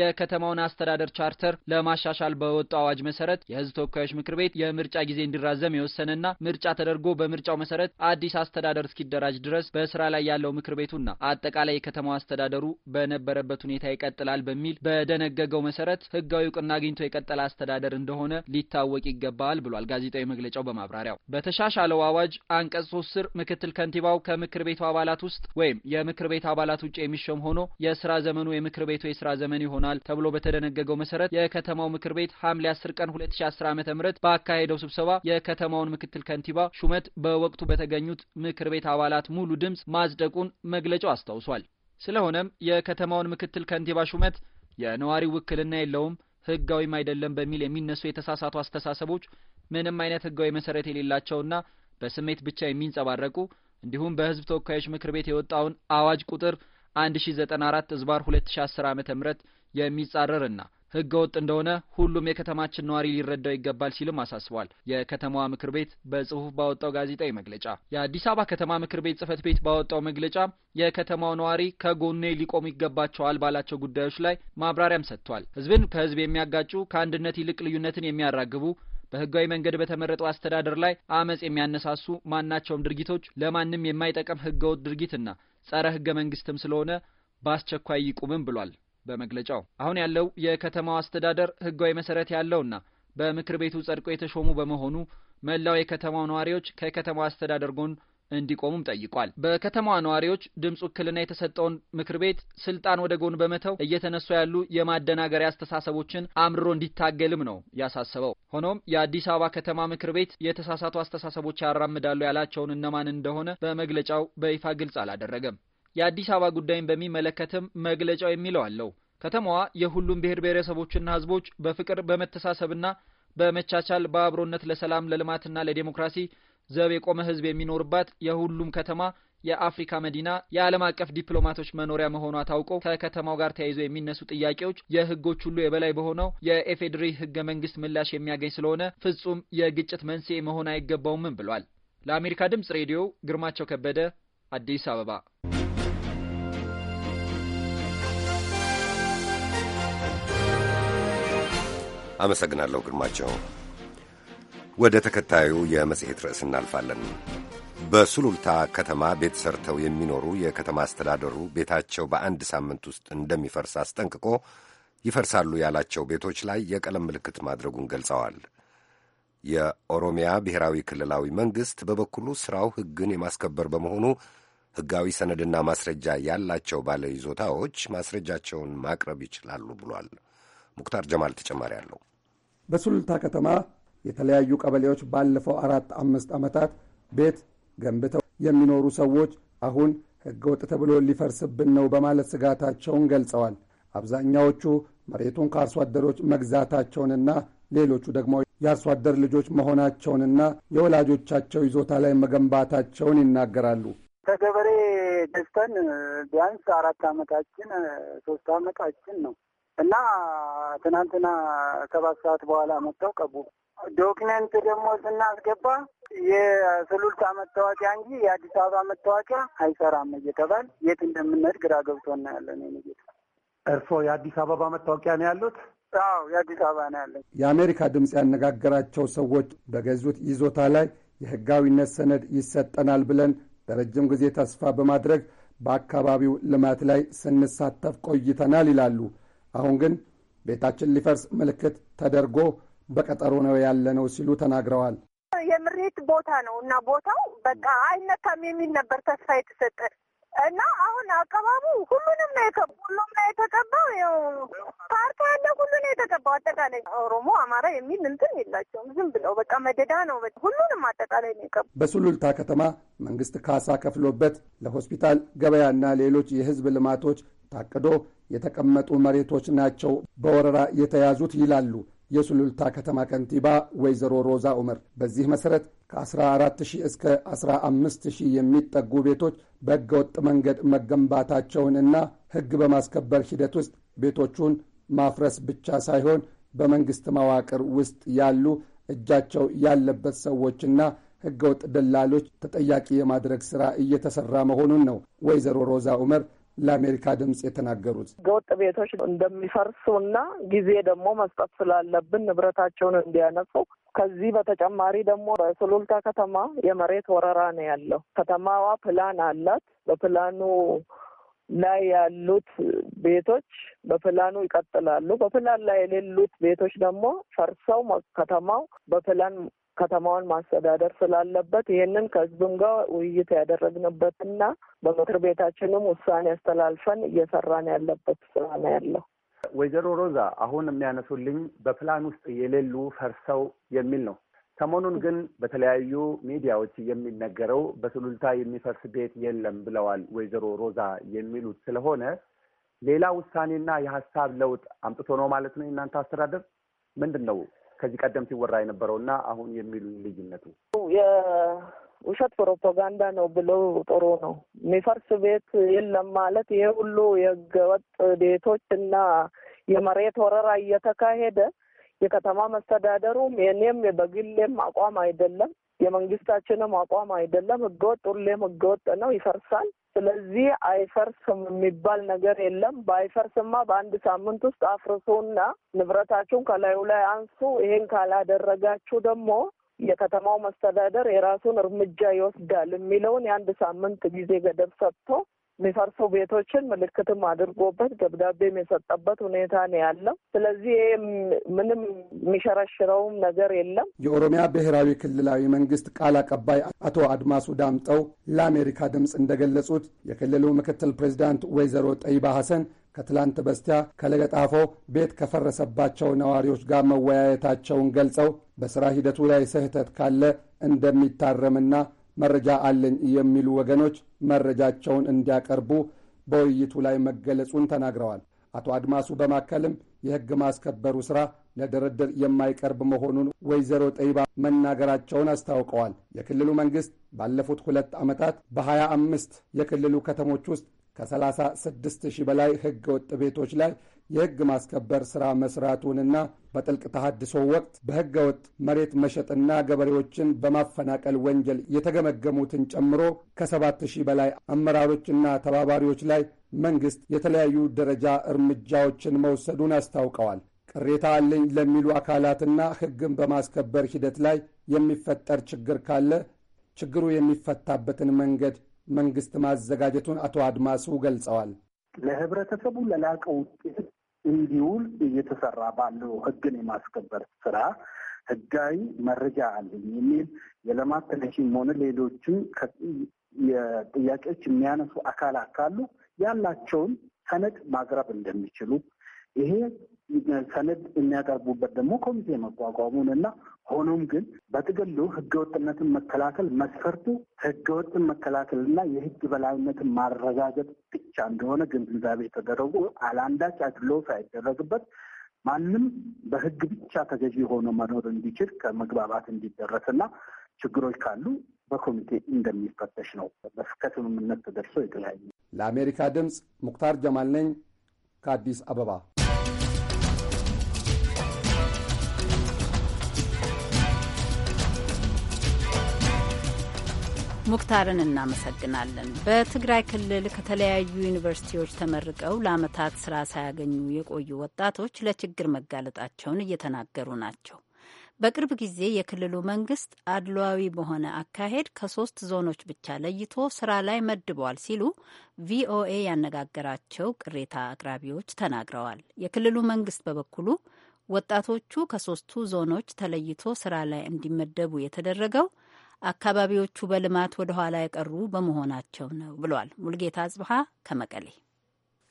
የከተማውን አስተዳደር ቻርተር ለማሻሻል በወጣው አዋጅ መሰረት የህዝብ ተወካዮች ምክር ቤት የምርጫ ጊዜ እንዲራዘም የወሰነና ምርጫ ተደርጎ በምርጫው መሰረት አዲስ አስተዳደር እስኪደራጅ ድረስ በስራ ላይ ያለው ምክር ቤቱና አጠቃላይ የከተማው አስተዳደሩ በነበረበት ሁኔታ ይቀጥላል በሚል በደነገገው መሰረት ህጋዊ እውቅና አግኝቶ የቀጠለ አስተዳደር እንደሆነ ሊታወቅ ይገባል ብሏል ጋዜጣዊ መግለጫ በሰጠው በማብራሪያው በተሻሻለው አዋጅ አንቀጽ ሶስት ስር ምክትል ከንቲባው ከምክር ቤቱ አባላት ውስጥ ወይም የምክር ቤት አባላት ውጭ የሚሾም ሆኖ የስራ ዘመኑ የምክር ቤቱ የስራ ዘመን ይሆናል ተብሎ በተደነገገው መሰረት የከተማው ምክር ቤት ሐምሌ 10 ቀን 2010 ዓ.ም ባካሄደው ስብሰባ የከተማውን ምክትል ከንቲባ ሹመት በወቅቱ በተገኙት ምክር ቤት አባላት ሙሉ ድምፅ ማጽደቁን መግለጫው አስታውሷል። ስለሆነም የከተማውን ምክትል ከንቲባ ሹመት የነዋሪ ውክልና የለውም፣ ህጋዊም አይደለም በሚል የሚነሱ የተሳሳቱ አስተሳሰቦች ምንም አይነት ህጋዊ መሰረት የሌላቸውና በስሜት ብቻ የሚንጸባረቁ እንዲሁም በህዝብ ተወካዮች ምክር ቤት የወጣውን አዋጅ ቁጥር 1094 ዝባር 2010 ዓ ም የሚጻረርና ህገ ወጥ እንደሆነ ሁሉም የከተማችን ነዋሪ ሊረዳው ይገባል ሲልም አሳስቧል። የከተማዋ ምክር ቤት በጽሁፍ ባወጣው ጋዜጣዊ መግለጫ የአዲስ አበባ ከተማ ምክር ቤት ጽህፈት ቤት ባወጣው መግለጫ የከተማው ነዋሪ ከጎኔ ሊቆሙ ይገባቸዋል ባላቸው ጉዳዮች ላይ ማብራሪያም ሰጥቷል። ህዝብን ከህዝብ የሚያጋጩ ከአንድነት ይልቅ ልዩነትን የሚያራግቡ በህጋዊ መንገድ በተመረጠው አስተዳደር ላይ አመፅ የሚያነሳሱ ማናቸውም ድርጊቶች ለማንም የማይጠቅም ህገወጥ ድርጊትና ጸረ ህገ መንግስትም ስለሆነ በአስቸኳይ ይቁምም ብሏል በመግለጫው። አሁን ያለው የከተማው አስተዳደር ህጋዊ መሰረት ያለውና በምክር ቤቱ ጸድቆ የተሾሙ በመሆኑ መላው የከተማው ነዋሪዎች ከከተማው አስተዳደር ጎን እንዲቆሙም ጠይቋል። በከተማዋ ነዋሪዎች ድምፅ ውክልና የተሰጠውን ምክር ቤት ስልጣን ወደ ጎን በመተው እየተነሱ ያሉ የማደናገሪያ አስተሳሰቦችን አምርሮ እንዲታገልም ነው ያሳሰበው። ሆኖም የአዲስ አበባ ከተማ ምክር ቤት የተሳሳቱ አስተሳሰቦች ያራምዳሉ ያላቸውን እነማን እንደሆነ በመግለጫው በይፋ ግልጽ አላደረገም። የአዲስ አበባ ጉዳይን በሚመለከትም መግለጫው የሚለው አለው። ከተማዋ የሁሉም ብሔር ብሔረሰቦችና ህዝቦች በፍቅር በመተሳሰብና በመቻቻል በአብሮነት ለሰላም ለልማትና ለዴሞክራሲ ዘብ የቆመ ህዝብ የሚኖርባት የሁሉም ከተማ የአፍሪካ መዲና የዓለም አቀፍ ዲፕሎማቶች መኖሪያ መሆኗ ታውቆ ከከተማው ጋር ተያይዞ የሚነሱ ጥያቄዎች የህጎች ሁሉ የበላይ በሆነው የኤፌድሪ ህገ መንግስት ምላሽ የሚያገኝ ስለሆነ ፍጹም የግጭት መንስኤ መሆን አይገባውምም ብሏል። ለአሜሪካ ድምጽ ሬዲዮ ግርማቸው ከበደ አዲስ አበባ። አመሰግናለሁ ግርማቸው። ወደ ተከታዩ የመጽሔት ርዕስ እናልፋለን። በሱሉልታ ከተማ ቤት ሰርተው የሚኖሩ የከተማ አስተዳደሩ ቤታቸው በአንድ ሳምንት ውስጥ እንደሚፈርስ አስጠንቅቆ ይፈርሳሉ ያላቸው ቤቶች ላይ የቀለም ምልክት ማድረጉን ገልጸዋል። የኦሮሚያ ብሔራዊ ክልላዊ መንግሥት በበኩሉ ሥራው ሕግን የማስከበር በመሆኑ ሕጋዊ ሰነድና ማስረጃ ያላቸው ባለይዞታዎች ማስረጃቸውን ማቅረብ ይችላሉ ብሏል። ሙክታር ጀማል ተጨማሪ አለው። በሱሉልታ ከተማ የተለያዩ ቀበሌዎች ባለፈው አራት አምስት ዓመታት ቤት ገንብተው የሚኖሩ ሰዎች አሁን ወጥ ተብሎ ሊፈርስብን ነው በማለት ስጋታቸውን ገልጸዋል። አብዛኛዎቹ መሬቱን ከአርሶ አደሮች መግዛታቸውንና ሌሎቹ ደግሞ የአርሶ አደር ልጆች መሆናቸውንና የወላጆቻቸው ይዞታ ላይ መገንባታቸውን ይናገራሉ። ከገበሬ ገዝተን ቢያንስ አራት ዓመታችን ሶስት ዓመታችን ነው እና ትናንትና ሰባት ሰዓት በኋላ መጥተው ቀቡ። ዶክመንት ደግሞ ስናስገባ የስሉልታ መታወቂያ እንጂ የአዲስ አበባ መታወቂያ አይሰራም እየተባል የት እንደምንሄድ ግራ ገብቶና ያለን እርስዎ የአዲስ አበባ መታወቂያ ነው ያሉት? አዎ የአዲስ አበባ ነው ያለን። የአሜሪካ ድምፅ ያነጋገራቸው ሰዎች በገዙት ይዞታ ላይ የህጋዊነት ሰነድ ይሰጠናል ብለን ለረጅም ጊዜ ተስፋ በማድረግ በአካባቢው ልማት ላይ ስንሳተፍ ቆይተናል ይላሉ። አሁን ግን ቤታችን ሊፈርስ ምልክት ተደርጎ በቀጠሮ ነው ያለነው ሲሉ ተናግረዋል። የምሬት ቦታ ነው እና ቦታው በቃ አይነካም የሚል ነበር ተስፋ የተሰጠ እና አሁን አቀባቡ ሁሉንም ነው ሁሉም ነው የተቀባው። ፓርቲ ያለ ሁሉ ነው የተቀባው። አጠቃላይ ኦሮሞ፣ አማራ የሚል እንትን የላቸውም። ዝም ብለው በቃ መደዳ ነው። ሁሉንም አጠቃላይ ነው የቀቡ። በሱሉልታ ከተማ መንግስት ካሳ ከፍሎበት ለሆስፒታል ገበያና ሌሎች የህዝብ ልማቶች ታቅዶ የተቀመጡ መሬቶች ናቸው በወረራ የተያዙት ይላሉ የሱሉልታ ከተማ ከንቲባ ወይዘሮ ሮዛ ኡመር በዚህ መሠረት ከ14ሺ እስከ 15ሺ የሚጠጉ ቤቶች ወጥ መንገድ መገንባታቸውንና ሕግ በማስከበር ሂደት ውስጥ ቤቶቹን ማፍረስ ብቻ ሳይሆን በመንግሥት መዋቅር ውስጥ ያሉ እጃቸው ያለበት ሰዎችና ሕገወጥ ደላሎች ተጠያቂ የማድረግ ሥራ እየተሠራ መሆኑን ነው ወይዘሮ ሮዛ ኡመር ለአሜሪካ ድምፅ የተናገሩት። ህገወጥ ቤቶች እንደሚፈርሱና ጊዜ ደግሞ መስጠት ስላለብን ንብረታቸውን እንዲያነሱ ከዚህ በተጨማሪ ደግሞ በሱሉልታ ከተማ የመሬት ወረራ ነው ያለው። ከተማዋ ፕላን አላት። በፕላኑ ላይ ያሉት ቤቶች በፕላኑ ይቀጥላሉ። በፕላን ላይ የሌሉት ቤቶች ደግሞ ፈርሰው ከተማው በፕላን ከተማውን ማስተዳደር ስላለበት ይህንን ከህዝብም ጋር ውይይት ያደረግንበትና በምክር ቤታችንም ውሳኔ አስተላልፈን እየሰራን ያለበት ስራ ነው ያለው። ወይዘሮ ሮዛ አሁን የሚያነሱልኝ በፕላን ውስጥ የሌሉ ፈርሰው የሚል ነው። ሰሞኑን ግን በተለያዩ ሚዲያዎች የሚነገረው በሱሉልታ የሚፈርስ ቤት የለም ብለዋል ወይዘሮ ሮዛ የሚሉት ስለሆነ ሌላ ውሳኔና የሀሳብ ለውጥ አምጥቶ ነው ማለት ነው የእናንተ አስተዳደር ምንድን ነው ከዚህ ቀደም ሲወራ የነበረውና አሁን የሚሉ ልዩነቱ የውሸት ፕሮፓጋንዳ ነው ብለው ጥሩ ነው። የሚፈርስ ቤት የለም ማለት ይሄ ሁሉ የህገወጥ ቤቶች እና የመሬት ወረራ እየተካሄደ የከተማ መስተዳደሩም የኔም በግሌም አቋም አይደለም፣ የመንግስታችንም አቋም አይደለም። ህገወጥ ሁሌም ህገወጥ ነው፣ ይፈርሳል። ስለዚህ አይፈርስም የሚባል ነገር የለም። በአይፈርስማ በአንድ ሳምንት ውስጥ አፍርሶና ንብረታችሁን ከላዩ ላይ አንሱ። ይሄን ካላደረጋችሁ ደግሞ የከተማው መስተዳደር የራሱን እርምጃ ይወስዳል የሚለውን የአንድ ሳምንት ጊዜ ገደብ ሰጥቶ የሚፈርሱ ቤቶችን ምልክትም አድርጎበት ደብዳቤም የሰጠበት ሁኔታ ነው ያለው። ስለዚህ ይሄ ምንም የሚሸረሽረውም ነገር የለም። የኦሮሚያ ብሔራዊ ክልላዊ መንግስት ቃል አቀባይ አቶ አድማሱ ዳምጠው ለአሜሪካ ድምፅ እንደገለጹት የክልሉ ምክትል ፕሬዚዳንት ወይዘሮ ጠይባ ሐሰን ከትላንት በስቲያ ከለገጣፎ ቤት ከፈረሰባቸው ነዋሪዎች ጋር መወያየታቸውን ገልጸው በሥራ ሂደቱ ላይ ስህተት ካለ እንደሚታረምና መረጃ አለኝ የሚሉ ወገኖች መረጃቸውን እንዲያቀርቡ በውይይቱ ላይ መገለጹን ተናግረዋል። አቶ አድማሱ በማከልም የሕግ ማስከበሩ ሥራ ለድርድር የማይቀርብ መሆኑን ወይዘሮ ጠይባ መናገራቸውን አስታውቀዋል። የክልሉ መንግሥት ባለፉት ሁለት ዓመታት በሀያ አምስት የክልሉ ከተሞች ውስጥ ከ36 ሺህ በላይ ሕገ ወጥ ቤቶች ላይ የሕግ ማስከበር ሥራ መሥራቱንና በጥልቅ ተሃድሶ ወቅት በሕገ ወጥ መሬት መሸጥና ገበሬዎችን በማፈናቀል ወንጀል የተገመገሙትን ጨምሮ ከሰባት ሺህ በላይ አመራሮችና ተባባሪዎች ላይ መንግሥት የተለያዩ ደረጃ እርምጃዎችን መውሰዱን አስታውቀዋል። ቅሬታ አለኝ ለሚሉ አካላትና ሕግን በማስከበር ሂደት ላይ የሚፈጠር ችግር ካለ ችግሩ የሚፈታበትን መንገድ መንግሥት ማዘጋጀቱን አቶ አድማሱ ገልጸዋል። ለህብረተሰቡ ለላቀ ውጤት እንዲውል እየተሰራ ባለው ህግን የማስከበር ስራ ህጋዊ መረጃ አለኝ የሚል የልማት ኮሚሽንም ሆነ ሌሎችም የጥያቄዎች የሚያነሱ አካላት ካሉ ያላቸውን ሰነድ ማቅረብ እንደሚችሉ ይሄ ሰነድ የሚያቀርቡበት ደግሞ ኮሚቴ መቋቋሙን እና ሆኖም ግን በጥቅሉ ህገወጥነትን መከላከል መስፈርቱ ህገወጥን መከላከል እና የህግ በላይነትን ማረጋገጥ ብቻ እንደሆነ ግንዛቤ የተደረጉ አላንዳች አድሎ ሳይደረግበት ማንም በህግ ብቻ ተገዢ ሆኖ መኖር እንዲችል ከመግባባት እንዲደረስ እና ችግሮች ካሉ በኮሚቴ እንደሚፈተሽ ነው ከስምምነት ተደርሶ የተለያዩ። ለአሜሪካ ድምፅ ሙክታር ጀማል ነኝ ከአዲስ አበባ። ሙክታርን እናመሰግናለን። በትግራይ ክልል ከተለያዩ ዩኒቨርሲቲዎች ተመርቀው ለአመታት ስራ ሳያገኙ የቆዩ ወጣቶች ለችግር መጋለጣቸውን እየተናገሩ ናቸው። በቅርብ ጊዜ የክልሉ መንግስት አድሏዊ በሆነ አካሄድ ከሶስት ዞኖች ብቻ ለይቶ ስራ ላይ መድቧል ሲሉ ቪኦኤ ያነጋገራቸው ቅሬታ አቅራቢዎች ተናግረዋል። የክልሉ መንግስት በበኩሉ ወጣቶቹ ከሶስቱ ዞኖች ተለይቶ ስራ ላይ እንዲመደቡ የተደረገው አካባቢዎቹ በልማት ወደ ኋላ የቀሩ በመሆናቸው ነው ብሏል። ሙልጌታ አጽብሃ ከመቀሌ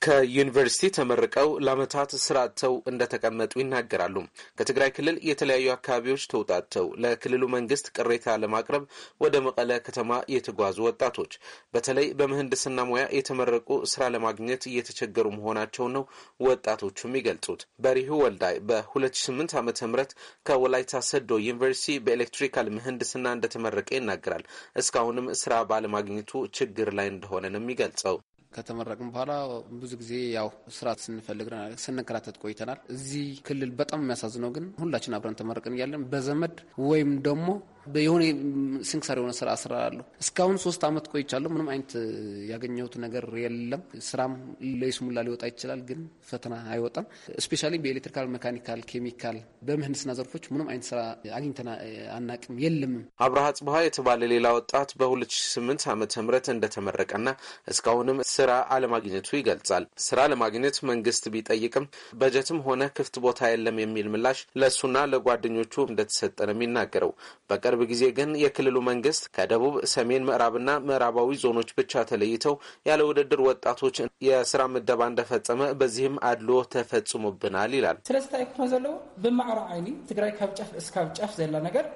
ከዩኒቨርሲቲ ተመርቀው ለዓመታት ስራ አጥተው እንደተቀመጡ ይናገራሉ። ከትግራይ ክልል የተለያዩ አካባቢዎች ተውጣጥተው ለክልሉ መንግስት ቅሬታ ለማቅረብ ወደ መቀለ ከተማ የተጓዙ ወጣቶች በተለይ በምህንድስና ሙያ የተመረቁ ስራ ለማግኘት እየተቸገሩ መሆናቸውን ነው ወጣቶቹ የሚገልጹት። በሪሁ ወልዳይ በ2008 ዓ ም ከወላይታ ሰዶ ዩኒቨርሲቲ በኤሌክትሪካል ምህንድስና እንደተመረቀ ይናገራል። እስካሁንም ስራ ባለማግኘቱ ችግር ላይ እንደሆነ ነው የሚገልጸው። ከተመረቅን በኋላ ብዙ ጊዜ ያው ስራ ስንፈልግ ስንከራተት ቆይተናል። እዚህ ክልል በጣም የሚያሳዝነው ግን ሁላችን አብረን ተመረቅን እያለን በዘመድ ወይም ደግሞ የሆነ ስንክሳር የሆነ ስራ ስራ እስካሁን ሶስት አመት ቆይቻለሁ። ምንም አይነት ያገኘሁት ነገር የለም። ስራም ለይስሙላ ሊወጣ ይችላል፣ ግን ፈተና አይወጣም። እስፔሻሊ በኤሌክትሪካል፣ መካኒካል፣ ኬሚካል በምህንድስና ዘርፎች ምንም አይነት ስራ አግኝተን አናቅም፣ የለምም። አብርሃ ጽብሃ የተባለ ሌላ ወጣት በ2008 ዓ ም እንደተመረቀና እስካሁንም ስራ አለማግኘቱ ይገልጻል። ስራ ለማግኘት መንግስት ቢጠይቅም በጀትም ሆነ ክፍት ቦታ የለም የሚል ምላሽ ለእሱና ለጓደኞቹ እንደተሰጠ ነው የሚናገረው። በቅርብ ጊዜ ግን የክልሉ መንግስት ከደቡብ ሰሜን ምዕራብና ምዕራባዊ ዞኖች ብቻ ተለይተው ያለ ውድድር ወጣቶች የስራ ምደባ እንደፈጸመ በዚህም አድሎ ተፈጽሞብናል ይላል። ስለዚ እንታይ ዘለዎ ብማዕሮ ዓይኒ ትግራይ ካብ ጫፍ እስካብ ጫፍ ዘላ ነገር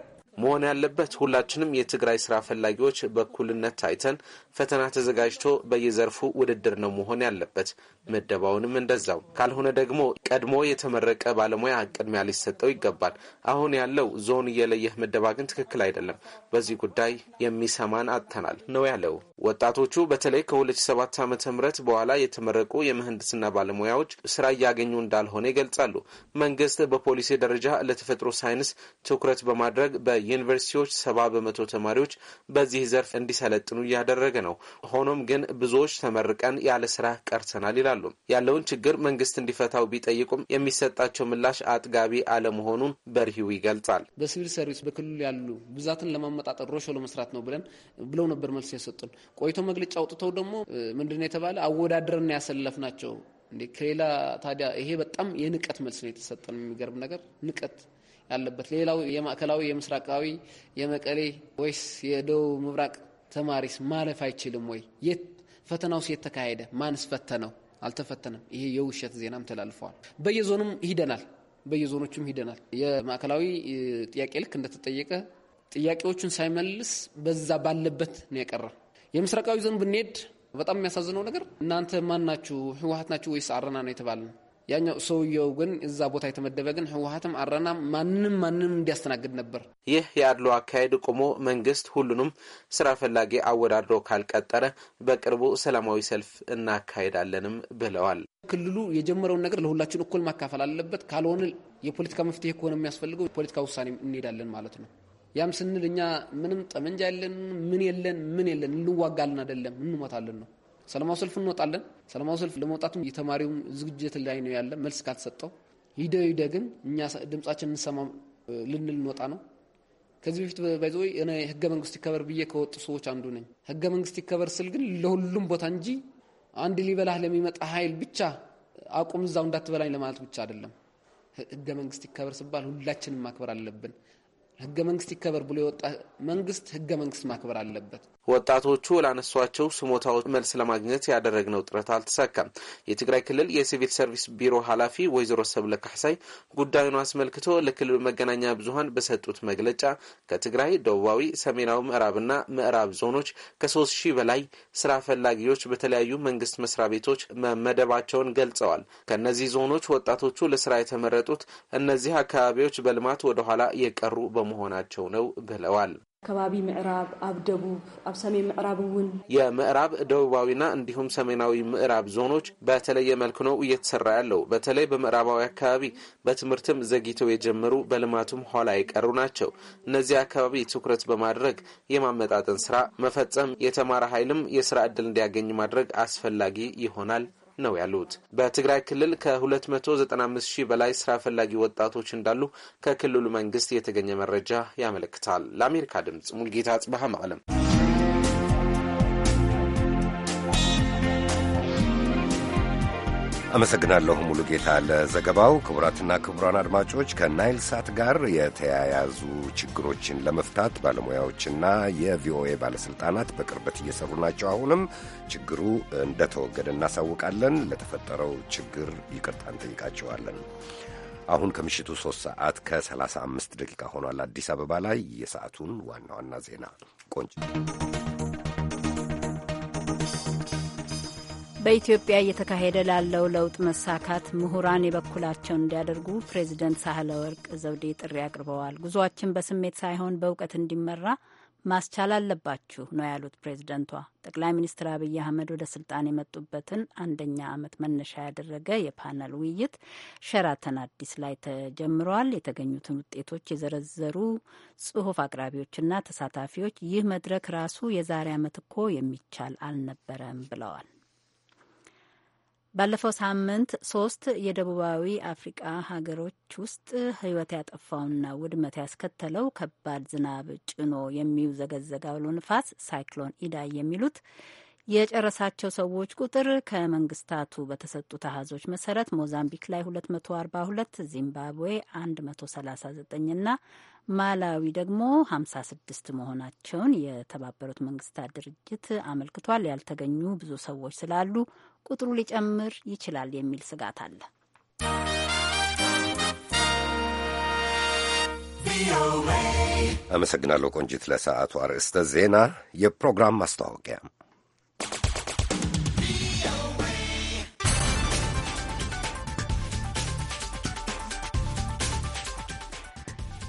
መሆን ያለበት ሁላችንም የትግራይ ስራ ፈላጊዎች በኩልነት ታይተን ፈተና ተዘጋጅቶ በየዘርፉ ውድድር ነው መሆን ያለበት። ምደባውንም እንደዛው። ካልሆነ ደግሞ ቀድሞ የተመረቀ ባለሙያ ቅድሚያ ሊሰጠው ይገባል። አሁን ያለው ዞን እየለየህ ምደባ ግን ትክክል አይደለም። በዚህ ጉዳይ የሚሰማን አጥተናል ነው ያለው። ወጣቶቹ በተለይ ከ2007 ዓ ም በኋላ የተመረቁ የምህንድስና ባለሙያዎች ስራ እያገኙ እንዳልሆነ ይገልጻሉ። መንግስት በፖሊሲ ደረጃ ለተፈጥሮ ሳይንስ ትኩረት በማድረግ በ የዩኒቨርሲቲዎች ሰባ በመቶ ተማሪዎች በዚህ ዘርፍ እንዲሰለጥኑ እያደረገ ነው። ሆኖም ግን ብዙዎች ተመርቀን ያለ ስራ ቀርተናል ይላሉ። ያለውን ችግር መንግስት እንዲፈታው ቢጠይቁም የሚሰጣቸው ምላሽ አጥጋቢ አለመሆኑን በርሂው ይገልጻል። በሲቪል ሰርቪስ በክልሉ ያሉ ብዛትን ለማመጣጠር ሮሾ ለመስራት ነው ብለን ብለው ነበር መልስ የሰጡን። ቆይቶ መግለጫ አውጥተው ደግሞ ምንድነው የተባለ አወዳደርና ያሰለፍ ናቸው ከሌላ ታዲያ ይሄ በጣም የንቀት መልስ ነው የተሰጠን። የሚገርም ነገር ንቀት አለበት። ሌላው የማዕከላዊ የምስራቃዊ የመቀሌ ወይስ የደቡብ ምብራቅ ተማሪስ ማለፍ አይችልም ወይ? የት ፈተናውስ የተካሄደ ማንስ ፈተነው? አልተፈተነም። ይሄ የውሸት ዜናም ተላልፈዋል። በየዞኑም ሂደናል፣ በየዞኖቹም ሂደናል። የማዕከላዊ ጥያቄ ልክ እንደተጠየቀ ጥያቄዎቹን ሳይመልስ በዛ ባለበት ነው ያቀረ። የምስራቃዊ ዞን ብንሄድ በጣም የሚያሳዝነው ነገር እናንተ ማን ናችሁ? ህወሀት ናችሁ ወይስ አረና ነው የተባለ ነው ያኛው ሰውየው ግን እዛ ቦታ የተመደበ ግን ህወሀትም አረና ማንም ማንም እንዲያስተናግድ ነበር። ይህ የአድሎ አካሄድ ቆሞ መንግስት ሁሉንም ስራ ፈላጊ አወዳድሮ ካልቀጠረ በቅርቡ ሰላማዊ ሰልፍ እናካሄዳለንም ብለዋል። ክልሉ የጀመረውን ነገር ለሁላችን እኩል ማካፈል አለበት። ካልሆነ የፖለቲካ መፍትሄ ከሆነ የሚያስፈልገው የፖለቲካ ውሳኔ እንሄዳለን ማለት ነው። ያም ስንል እኛ ምንም ጠመንጃ የለን ምን የለን ምን የለን እንዋጋለን አይደለም እንሞታለን ነው ሰላማዊ ሰልፍ እንወጣለን። ሰላማዊ ሰልፍ ለመውጣቱም የተማሪውም ዝግጅት ላይ ነው ያለ። መልስ ካልተሰጠው ሂደ ሂደ ግን እኛ ድምጻችን እንሰማ ልንል እንወጣ ነው። ከዚህ በፊት ባይዘ እኔ ህገ መንግስት ይከበር ብዬ ከወጡ ሰዎች አንዱ ነኝ። ህገ መንግስት ይከበር ስል ግን ለሁሉም ቦታ እንጂ አንድ ሊበላህ ለሚመጣ ኃይል ብቻ አቁም እዛው እንዳትበላኝ ለማለት ብቻ አይደለም። ህገ መንግስት ይከበር ስባል ሁላችንም ማክበር አለብን። ህገ መንግስት ይከበር ብሎ የወጣ መንግስት ህገ መንግስት ማክበር አለበት። ወጣቶቹ ላነሷቸው ስሞታዎች መልስ ለማግኘት ያደረግነው ጥረት አልተሳካም። የትግራይ ክልል የሲቪል ሰርቪስ ቢሮ ኃላፊ ወይዘሮ ሰብለ ካሕሳይ ጉዳዩን አስመልክቶ ለክልሉ መገናኛ ብዙኃን በሰጡት መግለጫ ከትግራይ ደቡባዊ፣ ሰሜናዊ ምዕራብና ምዕራብ ዞኖች ከሶስት ሺህ በላይ ስራ ፈላጊዎች በተለያዩ መንግስት መስሪያ ቤቶች መመደባቸውን ገልጸዋል። ከእነዚህ ዞኖች ወጣቶቹ ለስራ የተመረጡት እነዚህ አካባቢዎች በልማት ወደኋላ የቀሩ በመሆ መሆናቸው ነው ብለዋል። ከባቢ ምዕራብ ኣብ ደቡብ ኣብ ሰሜን ምዕራብ እውን የምዕራብ ደቡባዊና እንዲሁም ሰሜናዊ ምዕራብ ዞኖች በተለየ መልክ ነው እየተሰራ ያለው። በተለይ በምዕራባዊ አካባቢ በትምህርትም ዘግይተው የጀመሩ በልማቱም ኋላ የቀሩ ናቸው። እነዚህ አካባቢ ትኩረት በማድረግ የማመጣጠን ስራ መፈጸም፣ የተማረ ኃይልም የስራ እድል እንዲያገኝ ማድረግ አስፈላጊ ይሆናል ነው ያሉት። በትግራይ ክልል ከ295 ሺህ በላይ ስራ ፈላጊ ወጣቶች እንዳሉ ከክልሉ መንግስት የተገኘ መረጃ ያመለክታል። ለአሜሪካ ድምፅ ሙልጌታ አጽባሃ መቀለም አመሰግናለሁ ሙሉ ጌታ ለዘገባው። ክቡራትና ክቡራን አድማጮች ከናይል ሳት ጋር የተያያዙ ችግሮችን ለመፍታት ባለሙያዎችና የቪኦኤ ባለሥልጣናት በቅርበት እየሰሩ ናቸው። አሁንም ችግሩ እንደተወገደ እናሳውቃለን። ለተፈጠረው ችግር ይቅርታ እንጠይቃቸዋለን። አሁን ከምሽቱ ሦስት ሰዓት ከሰላሳ አምስት ደቂቃ ሆኗል። አዲስ አበባ ላይ የሰዓቱን ዋና ዋና ዜና ቆንጭ በኢትዮጵያ እየተካሄደ ላለው ለውጥ መሳካት ምሁራን የበኩላቸውን እንዲያደርጉ ፕሬዚደንት ሳህለ ወርቅ ዘውዴ ጥሪ አቅርበዋል። ጉዟችን በስሜት ሳይሆን በእውቀት እንዲመራ ማስቻል አለባችሁ ነው ያሉት ፕሬዝደንቷ። ጠቅላይ ሚኒስትር አብይ አህመድ ወደ ስልጣን የመጡበትን አንደኛ ዓመት መነሻ ያደረገ የፓነል ውይይት ሸራተን አዲስ ላይ ተጀምረዋል። የተገኙትን ውጤቶች የዘረዘሩ ጽሁፍ አቅራቢዎችና ተሳታፊዎች ይህ መድረክ ራሱ የዛሬ ዓመት እኮ የሚቻል አልነበረም ብለዋል። ባለፈው ሳምንት ሶስት የደቡባዊ አፍሪቃ ሀገሮች ውስጥ ሕይወት ያጠፋውና ውድመት ያስከተለው ከባድ ዝናብ ጭኖ የሚውዘገዘግ አውሎ ንፋስ ሳይክሎን ኢዳይ የሚሉት የጨረሳቸው ሰዎች ቁጥር ከመንግስታቱ በተሰጡት አሃዞች መሰረት ሞዛምቢክ ላይ 242፣ ዚምባብዌ 139 እና ማላዊ ደግሞ 56 መሆናቸውን የተባበሩት መንግስታት ድርጅት አመልክቷል። ያልተገኙ ብዙ ሰዎች ስላሉ ቁጥሩ ሊጨምር ይችላል የሚል ስጋት አለ። አመሰግናለሁ ቆንጂት። ለሰዓቱ አርዕስተ ዜና የፕሮግራም ማስተዋወቂያ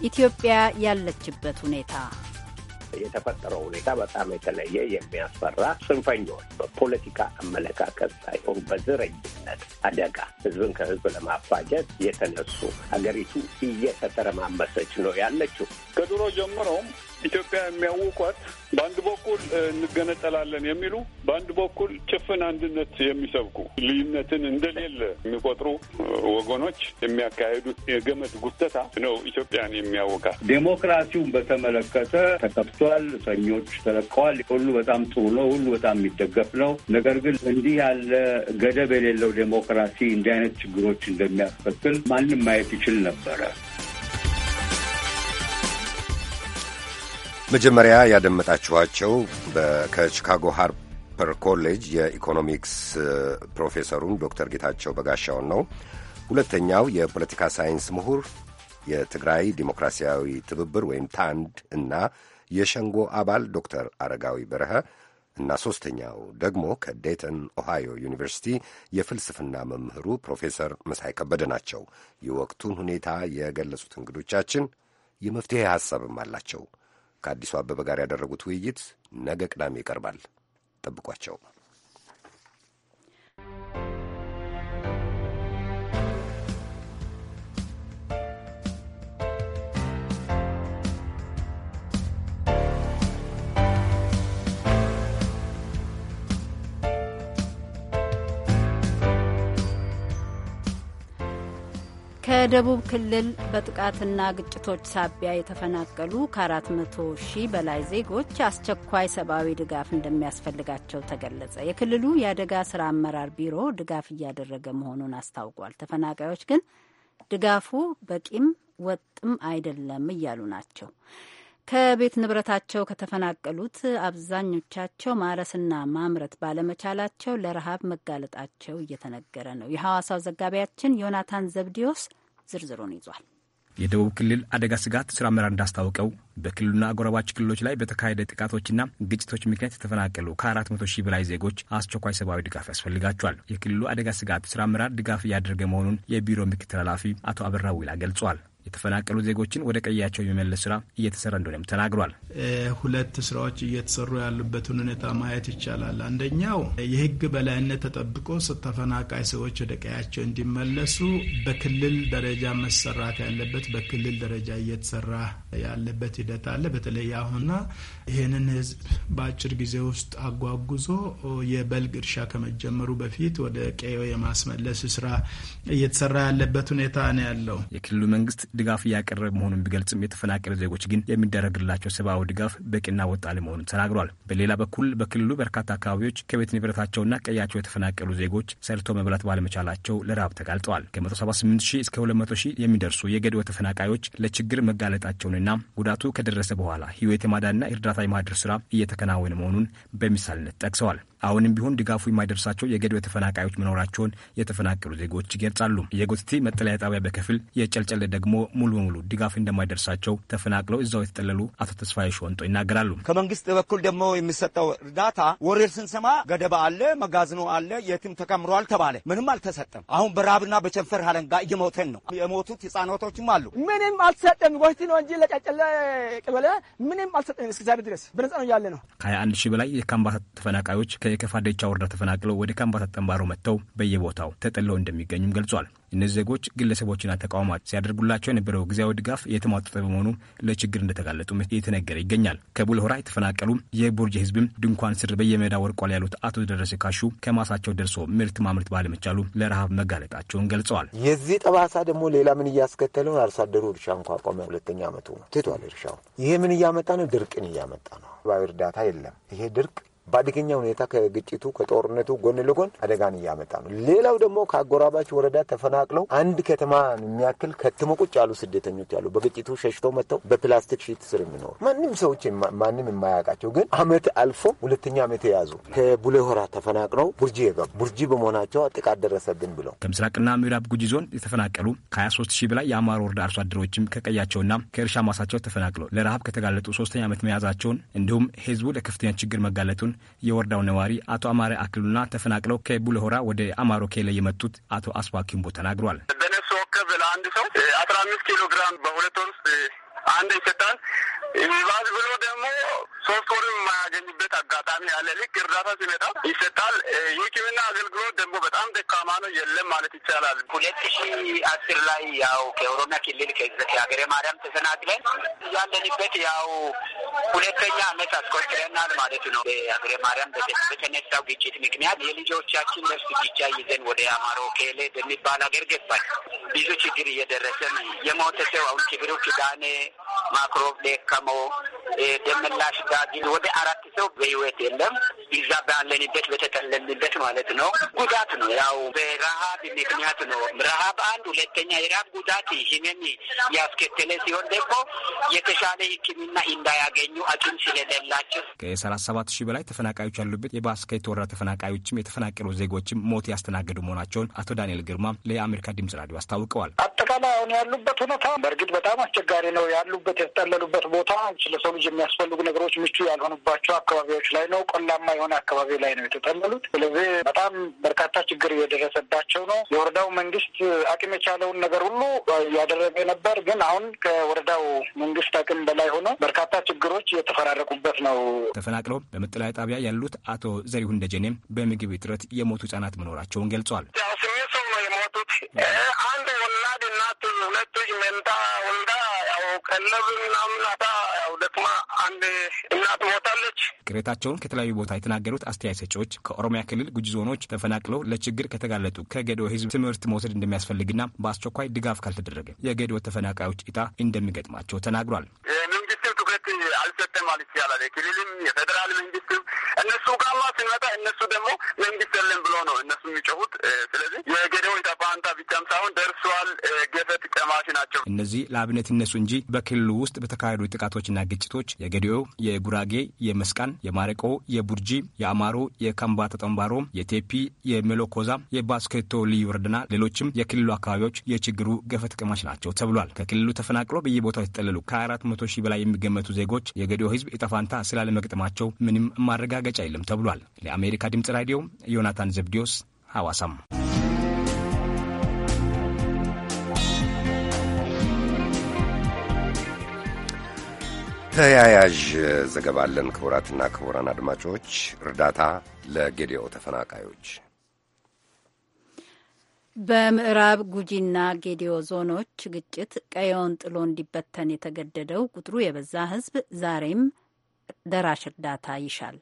ኢትዮጵያ ያለችበት ሁኔታ የተፈጠረው ሁኔታ በጣም የተለየ የሚያስፈራ ጽንፈኞች በፖለቲካ አመለካከት ሳይሆን በዘረኝነት አደጋ ህዝብን ከህዝብ ለማፋጀት የተነሱ ሀገሪቱ እየተተረማመሰች ነው ያለችው ከድሮ ጀምሮም ኢትዮጵያ የሚያውቋት በአንድ በኩል እንገነጠላለን የሚሉ በአንድ በኩል ጭፍን አንድነት የሚሰብኩ ልዩነትን እንደሌለ የሚቆጥሩ ወገኖች የሚያካሄዱት የገመድ ጉተታ ነው ኢትዮጵያን የሚያውቃት። ዴሞክራሲውን በተመለከተ ተከፍቷል፣ እስረኞች ተለቀዋል። ሁሉ በጣም ጥሩ ነው፣ ሁሉ በጣም የሚደገፍ ነው። ነገር ግን እንዲህ ያለ ገደብ የሌለው ዴሞክራሲ እንዲህ አይነት ችግሮች እንደሚያስከትል ማንም ማየት ይችል ነበረ። መጀመሪያ ያደመጣችኋቸው ከቺካጎ ሃርፐር ኮሌጅ የኢኮኖሚክስ ፕሮፌሰሩን ዶክተር ጌታቸው በጋሻውን ነው። ሁለተኛው የፖለቲካ ሳይንስ ምሁር የትግራይ ዲሞክራሲያዊ ትብብር ወይም ታንድ እና የሸንጎ አባል ዶክተር አረጋዊ በረሀ እና ሦስተኛው ደግሞ ከዴተን ኦሃዮ ዩኒቨርሲቲ የፍልስፍና መምህሩ ፕሮፌሰር መሳይ ከበደ ናቸው። የወቅቱን ሁኔታ የገለጹት እንግዶቻችን የመፍትሔ ሐሳብም አላቸው። ከአዲሱ አበበ ጋር ያደረጉት ውይይት ነገ ቅዳሜ ይቀርባል። ጠብቋቸው። ከደቡብ ክልል በጥቃትና ግጭቶች ሳቢያ የተፈናቀሉ ከ400 ሺህ በላይ ዜጎች አስቸኳይ ሰብአዊ ድጋፍ እንደሚያስፈልጋቸው ተገለጸ። የክልሉ የአደጋ ስራ አመራር ቢሮ ድጋፍ እያደረገ መሆኑን አስታውቋል። ተፈናቃዮች ግን ድጋፉ በቂም ወጥም አይደለም እያሉ ናቸው። ከቤት ንብረታቸው ከተፈናቀሉት አብዛኞቻቸው ማረስና ማምረት ባለመቻላቸው ለረሃብ መጋለጣቸው እየተነገረ ነው። የሐዋሳው ዘጋቢያችን ዮናታን ዘብዲዮስ ዝርዝሩን ይዟል። የደቡብ ክልል አደጋ ስጋት ስራ አመራር እንዳስታወቀው በክልሉና አጎራባች ክልሎች ላይ በተካሄደ ጥቃቶችና ግጭቶች ምክንያት የተፈናቀሉ ከ400 ሺህ በላይ ዜጎች አስቸኳይ ሰብአዊ ድጋፍ ያስፈልጋቸዋል። የክልሉ አደጋ ስጋት ስራ አመራር ድጋፍ እያደረገ መሆኑን የቢሮ ምክትል ኃላፊ አቶ አበራ ዊላ ገልጿል። የተፈናቀሉ ዜጎችን ወደ ቀያቸው የሚመለስ ስራ እየተሰራ እንደሆነም ተናግሯል። ሁለት ስራዎች እየተሰሩ ያሉበትን ሁኔታ ማየት ይቻላል። አንደኛው የህግ በላይነት ተጠብቆ ተፈናቃይ ሰዎች ወደ ቀያቸው እንዲመለሱ በክልል ደረጃ መሰራት ያለበት በክልል ደረጃ እየተሰራ ያለበት ሂደት አለ። በተለይ አሁና ይህንን ህዝብ በአጭር ጊዜ ውስጥ አጓጉዞ የበልግ እርሻ ከመጀመሩ በፊት ወደ ቀዮ የማስመለስ ስራ እየተሰራ ያለበት ሁኔታ ነው ያለው የክልሉ መንግስት ድጋፍ እያቀረበ መሆኑን ቢገልጽም የተፈናቀሉ ዜጎች ግን የሚደረግላቸው ሰብአዊ ድጋፍ በቂና ወጥ አለመሆኑን ተናግሯል። በሌላ በኩል በክልሉ በርካታ አካባቢዎች ከቤት ንብረታቸውና ቀያቸው የተፈናቀሉ ዜጎች ሰርቶ መብላት ባለመቻላቸው ለረሃብ ተጋልጠዋል። ከ178 ሺህ እስከ 200 ሺህ የሚደርሱ የገድወ ተፈናቃዮች ለችግር መጋለጣቸውንና ጉዳቱ ከደረሰ በኋላ ህይወት የማዳንና እርዳታ የማድረስ ስራ እየተከናወነ መሆኑን በሚሳልነት ጠቅሰዋል። አሁንም ቢሆን ድጋፉ የማይደርሳቸው የገድ ተፈናቃዮች መኖራቸውን የተፈናቀሉ ዜጎች ይገልጻሉ። የጎትቲ መጠለያ ጣቢያ በከፊል የጨልጨለ ደግሞ ሙሉ በሙሉ ድጋፍ እንደማይደርሳቸው ተፈናቅለው እዛው የተጠለሉ አቶ ተስፋዬ ሾንጦ ይናገራሉ። ከመንግስት በኩል ደግሞ የሚሰጠው እርዳታ ወሬር ስንሰማ ገደባ አለ፣ መጋዝኖ አለ፣ የትም ተከምሯል ተባለ። ምንም አልተሰጠም። አሁን በራብና በቸንፈር ሀለንጋ እየሞተን ነው። የሞቱት ህጻናቶችም አሉ። ምንም አልተሰጠም። ወስቲ ነው እንጂ ለጨጨለ ቅበለ ምንም አልተሰጠም። እስከዛሬ ድረስ በነጻ ነው እያለ ነው። ከሀያ አንድ ሺህ በላይ የካምባታ ተፈናቃዮች ከየከፋ ደቻ ወረዳ ተፈናቅለው ወደ ካምባታ ጠንባሮ መጥተው በየቦታው ተጠለው እንደሚገኙም ገልጿል። እነዚህ ዜጎች ግለሰቦችና ተቋማት ሲያደርጉላቸው የነበረው ጊዜያዊ ድጋፍ የተሟጠጠ በመሆኑ ለችግር እንደተጋለጡ እየተነገረ ይገኛል። ከቡልሆራ የተፈናቀሉ የቡርጅ ህዝብም ድንኳን ስር በየሜዳ ወርቋል ያሉት አቶ ደረሰ ካሹ ከማሳቸው ደርሶ ምርት ማምረት ባለመቻሉ ለረሃብ መጋለጣቸውን ገልጸዋል። የዚህ ጠባሳ ደግሞ ሌላ ምን እያስከተለው አርሶ አደሩ እርሻ እንኳ ቆመ፣ ሁለተኛ ዓመቱ ነው ትቷል። እርሻው ይሄ ምን እያመጣ ነው? ድርቅን እያመጣ ነው። እርዳታ የለም። ይሄ ድርቅ በአደገኛ ሁኔታ ከግጭቱ ከጦርነቱ ጎን ለጎን አደጋን እያመጣ ነው። ሌላው ደግሞ ከአጎራባች ወረዳ ተፈናቅለው አንድ ከተማ የሚያክል ከትሞ ቁጭ ያሉ ስደተኞች አሉ። በግጭቱ ሸሽተው መጥተው በፕላስቲክ ሺት ስር የሚኖሩ ማንም ሰዎች ማንም የማያውቃቸው ግን አመት አልፎ ሁለተኛ አመት የያዙ ከቡሌ ሆራ ተፈናቅለው ቡርጂ የገቡ ቡርጂ በመሆናቸው ጥቃት ደረሰብን ብለው ከምስራቅና ምዕራብ ጉጂ ዞን የተፈናቀሉ ከ23 ሺህ በላይ የአማራ ወረዳ አርሶ አደሮችም ከቀያቸውና ከእርሻ ማሳቸው ተፈናቅለው ለረሃብ ከተጋለጡ ሶስተኛ ዓመት መያዛቸውን እንዲሁም ህዝቡ ለከፍተኛ ችግር መጋለጡን መሆናቸውን የወረዳው ነዋሪ አቶ አማረ አክሉና ተፈናቅለው ከቡለሆራ ወደ አማሮ ኬለ የመጡት አቶ አስዋኪምቦ ተናግሯል። በነሱ ወከብ ለአንድ ሰው አስራ አምስት ኪሎ ግራም በሁለት ወር ውስጥ አንድ ይሰጣል። ይባስ ብሎ ደግሞ ሶስት ወር የማያገኝበት አጋጣሚ ያለ ልክ እርዳታ ሲመጣ ይሰጣል። የሕክምና አገልግሎት ደግሞ በጣም ደካማ ነው፣ የለም ማለት ይቻላል። ሁለት ሺ አስር ላይ ያው ከኦሮሚያ ክልል ከዘት የሀገሬ ማርያም ተሰናግለን ያለንበት ያው ሁለተኛ አመት አስቆጥረናል ማለት ነው። የሀገሬ ማርያም በተነሳው ግጭት ምክንያት የልጆቻችን ነፍስ ብቻ ይዘን ወደ አማሮ ኬሌ በሚባል ሀገር ገባል። ብዙ ችግር እየደረሰ የሞተ ሰው አሁን ክብሩ ኪዳኔ ማክሮብ ደከሞ ደመላሽ ዳጊን ወደ አራት ሰው በህይወት የለም። ይዛ ባለንበት በተጠለንበት ማለት ነው። ጉዳት ነው ያው በረሀብ ምክንያት ነው። ረሀብ አንድ፣ ሁለተኛ የረሀብ ጉዳት ህመም ያስከተለ ሲሆን ደግሞ የተሻለ ሕክምና እንዳያገኙ አቅም ስለሌላቸው ከሰላሳ ሰባት ሺህ በላይ ተፈናቃዮች ያሉበት የባስኬት ወረዳ ተፈናቃዮችም የተፈናቀሉ ዜጎችም ሞት ያስተናገዱ መሆናቸውን አቶ ዳንኤል ግርማ ለአሜሪካ ድምጽ ራዲዮ አስታውቀዋል። አጠቃላይ አሁን ያሉበት ሁኔታ በእርግጥ በጣም አስቸጋሪ ነው። ካሉበት የተጠለሉበት ቦታ ለሰው ልጅ የሚያስፈልጉ ነገሮች ምቹ ያልሆኑባቸው አካባቢዎች ላይ ነው። ቆላማ የሆነ አካባቢ ላይ ነው የተጠለሉት። ስለዚህ በጣም በርካታ ችግር እየደረሰባቸው ነው። የወረዳው መንግስት አቅም የቻለውን ነገር ሁሉ ያደረገ ነበር። ግን አሁን ከወረዳው መንግስት አቅም በላይ ሆኖ በርካታ ችግሮች እየተፈራረቁበት ነው። ተፈናቅለው በመጠለያ ጣቢያ ያሉት አቶ ዘሪሁን ደጀኔም በምግብ እጥረት የሞቱ ህጻናት መኖራቸውን ገልጿል። ስሜት ሰው ነው የሞቱት አንድ ወላድ እናት ሁለቱ መንታ ወልዳ ከነብ ምናምናታ ያው ደክማ አንድ እናት ሞታለች። ቅሬታቸውን ከተለያዩ ቦታ የተናገሩት አስተያየት ሰጪዎች ከኦሮሚያ ክልል ጉጂ ዞኖች ተፈናቅለው ለችግር ከተጋለጡ ከገዶ ህዝብ ትምህርት መውሰድ እንደሚያስፈልግና በአስቸኳይ ድጋፍ ካልተደረገ የገዶ ተፈናቃዮች ዕጣ እንደሚገጥማቸው ተናግሯል። አልሰጠም ማለት ይቻላል። የክልልም የፌዴራል መንግስትም እነሱ ጋማ ስንመጣ እነሱ ደግሞ መንግስት የለም ብሎ ነው እነሱ የሚጮሁት። ስለዚህ የገደው ኢታፓንታ ብቻም ሳይሆን ደርሰዋል ገፈት ቀማሽ ናቸው። እነዚህ ለአብነት እነሱ እንጂ በክልሉ ውስጥ በተካሄዱ ጥቃቶችና ግጭቶች የገዲዮ፣ የጉራጌ፣ የመስቃን፣ የማረቆ፣ የቡርጂ፣ የአማሮ፣ የከምባታ ተጠንባሮ፣ የቴፒ፣ የሜሎኮዛ፣ የባስኬቶ ልዩ ወረዳና ሌሎችም የክልሉ አካባቢዎች የችግሩ ገፈት ቀማሽ ናቸው ተብሏል። ከክልሉ ተፈናቅሎ በየቦታው የተጠለሉ ከአራት መቶ ሺህ በላይ የሚገመቱ ዜጎች የገዲዮ ህዝብ የጠፋንታ ስላለመግጠማቸው ምንም ማረጋገጫ የለም ተብሏል። ለአሜሪካ ድምፅ ራዲዮ ዮናታን ዘብዲዮስ ሐዋሳም ተያያዥ ዘገባ አለን። ክቡራትና ክቡራን አድማጮች እርዳታ ለጌዲኦ ተፈናቃዮች በምዕራብ ጉጂና ጌዲዮ ዞኖች ግጭት ቀየውን ጥሎ እንዲበተን የተገደደው ቁጥሩ የበዛ ህዝብ ዛሬም ደራሽ እርዳታ ይሻል።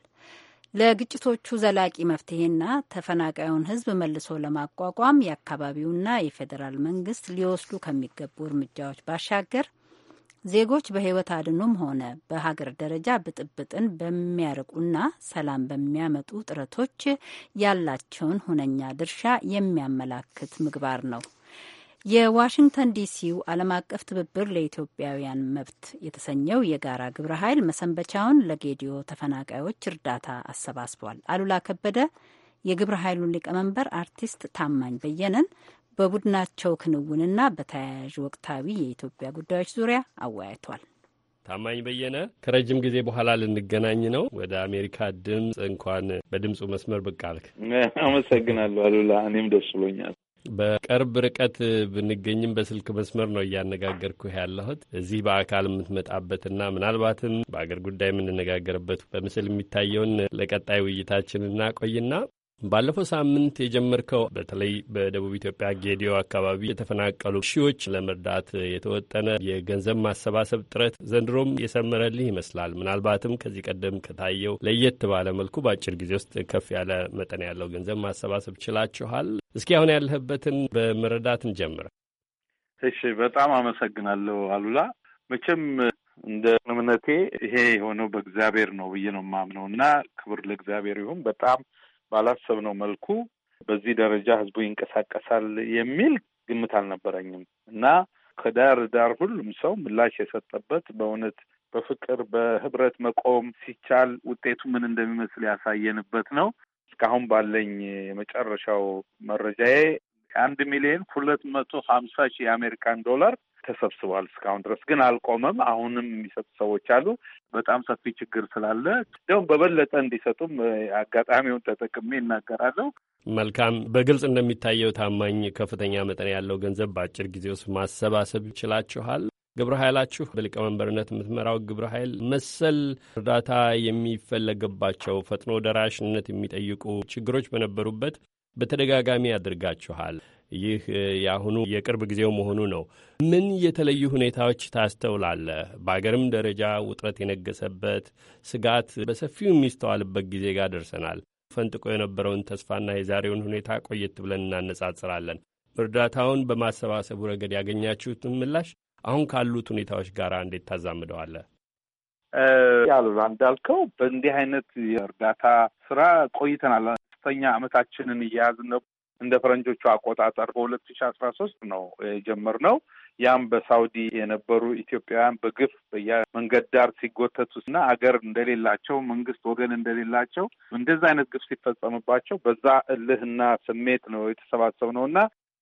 ለግጭቶቹ ዘላቂ መፍትሄና ተፈናቃዩን ህዝብ መልሶ ለማቋቋም የአካባቢውና የፌዴራል መንግስት ሊወስዱ ከሚገቡ እርምጃዎች ባሻገር ዜጎች በሕይወት አድኑም ሆነ በሀገር ደረጃ ብጥብጥን በሚያርቁና ሰላም በሚያመጡ ጥረቶች ያላቸውን ሁነኛ ድርሻ የሚያመላክት ምግባር ነው። የዋሽንግተን ዲሲው ዓለም አቀፍ ትብብር ለኢትዮጵያውያን መብት የተሰኘው የጋራ ግብረ ኃይል መሰንበቻውን ለጌዲዮ ተፈናቃዮች እርዳታ አሰባስቧል። አሉላ ከበደ የግብረ ኃይሉን ሊቀመንበር አርቲስት ታማኝ በየነን በቡድናቸው ክንውንና በተያያዥ ወቅታዊ የኢትዮጵያ ጉዳዮች ዙሪያ አወያይቷል። ታማኝ በየነ ከረጅም ጊዜ በኋላ ልንገናኝ ነው። ወደ አሜሪካ ድምፅ እንኳን በድምፁ መስመር ብቅ አልክ። አመሰግናለሁ አሉላ። እኔም ደስ ብሎኛል። በቅርብ ርቀት ብንገኝም በስልክ መስመር ነው እያነጋገርኩ ያለሁት። እዚህ በአካል የምትመጣበትና ምናልባትም በአገር ጉዳይ የምንነጋገርበት በምስል የሚታየውን ለቀጣይ ውይይታችን እናቆይና ባለፈው ሳምንት የጀመርከው በተለይ በደቡብ ኢትዮጵያ ጌዲዮ አካባቢ የተፈናቀሉ ሺዎች ለመርዳት የተወጠነ የገንዘብ ማሰባሰብ ጥረት ዘንድሮም የሰመረልህ ይመስላል። ምናልባትም ከዚህ ቀደም ከታየው ለየት ባለ መልኩ በአጭር ጊዜ ውስጥ ከፍ ያለ መጠን ያለው ገንዘብ ማሰባሰብ ችላችኋል። እስኪ አሁን ያለህበትን በመረዳት እንጀምር። እሺ፣ በጣም አመሰግናለሁ አሉላ። መቼም እንደ እምነቴ ይሄ የሆነው በእግዚአብሔር ነው ብዬ ነው የማምነው እና ክብር ለእግዚአብሔር ይሁን በጣም ባላሰብነው መልኩ በዚህ ደረጃ ህዝቡ ይንቀሳቀሳል የሚል ግምት አልነበረኝም እና ከዳር ዳር ሁሉም ሰው ምላሽ የሰጠበት በእውነት በፍቅር በህብረት መቆም ሲቻል ውጤቱ ምን እንደሚመስል ያሳየንበት ነው። እስካሁን ባለኝ የመጨረሻው መረጃዬ አንድ ሚሊዮን ሁለት መቶ ሀምሳ ሺህ የአሜሪካን ዶላር ተሰብስቧል። እስካሁን ድረስ ግን አልቆመም። አሁንም የሚሰጡ ሰዎች አሉ። በጣም ሰፊ ችግር ስላለ እንዲሁም በበለጠ እንዲሰጡም አጋጣሚውን ተጠቅሜ ይናገራለሁ። መልካም። በግልጽ እንደሚታየው ታማኝ ከፍተኛ መጠን ያለው ገንዘብ በአጭር ጊዜ ውስጥ ማሰባሰብ ይችላችኋል። ግብረ ኃይላችሁ በሊቀመንበርነት የምትመራው ግብረ ኃይል መሰል እርዳታ የሚፈለግባቸው ፈጥኖ ደራሽነት የሚጠይቁ ችግሮች በነበሩበት በተደጋጋሚ ያደርጋችኋል። ይህ የአሁኑ የቅርብ ጊዜው መሆኑ ነው። ምን የተለዩ ሁኔታዎች ታስተውላለህ? በአገርም ደረጃ ውጥረት የነገሰበት ስጋት በሰፊው የሚስተዋልበት ጊዜ ጋር ደርሰናል። ፈንጥቆ የነበረውን ተስፋና የዛሬውን ሁኔታ ቆየት ብለን እናነጻጽራለን። እርዳታውን በማሰባሰቡ ረገድ ያገኛችሁትን ምላሽ አሁን ካሉት ሁኔታዎች ጋር እንዴት ታዛምደዋለህ? ያሉላ እንዳልከው በእንዲህ አይነት የእርዳታ ስራ ቆይተናል። ሶስተኛ አመታችንን እያያዝን ነው። እንደ ፈረንጆቹ አቆጣጠር በሁለት ሺ አስራ ሶስት ነው የጀመርነው። ያም በሳውዲ የነበሩ ኢትዮጵያውያን በግፍ በየመንገድ ዳር ሲጎተቱና አገር እንደሌላቸው መንግስት ወገን እንደሌላቸው እንደዛ አይነት ግፍ ሲፈጸምባቸው በዛ እልህና ስሜት ነው ነው እና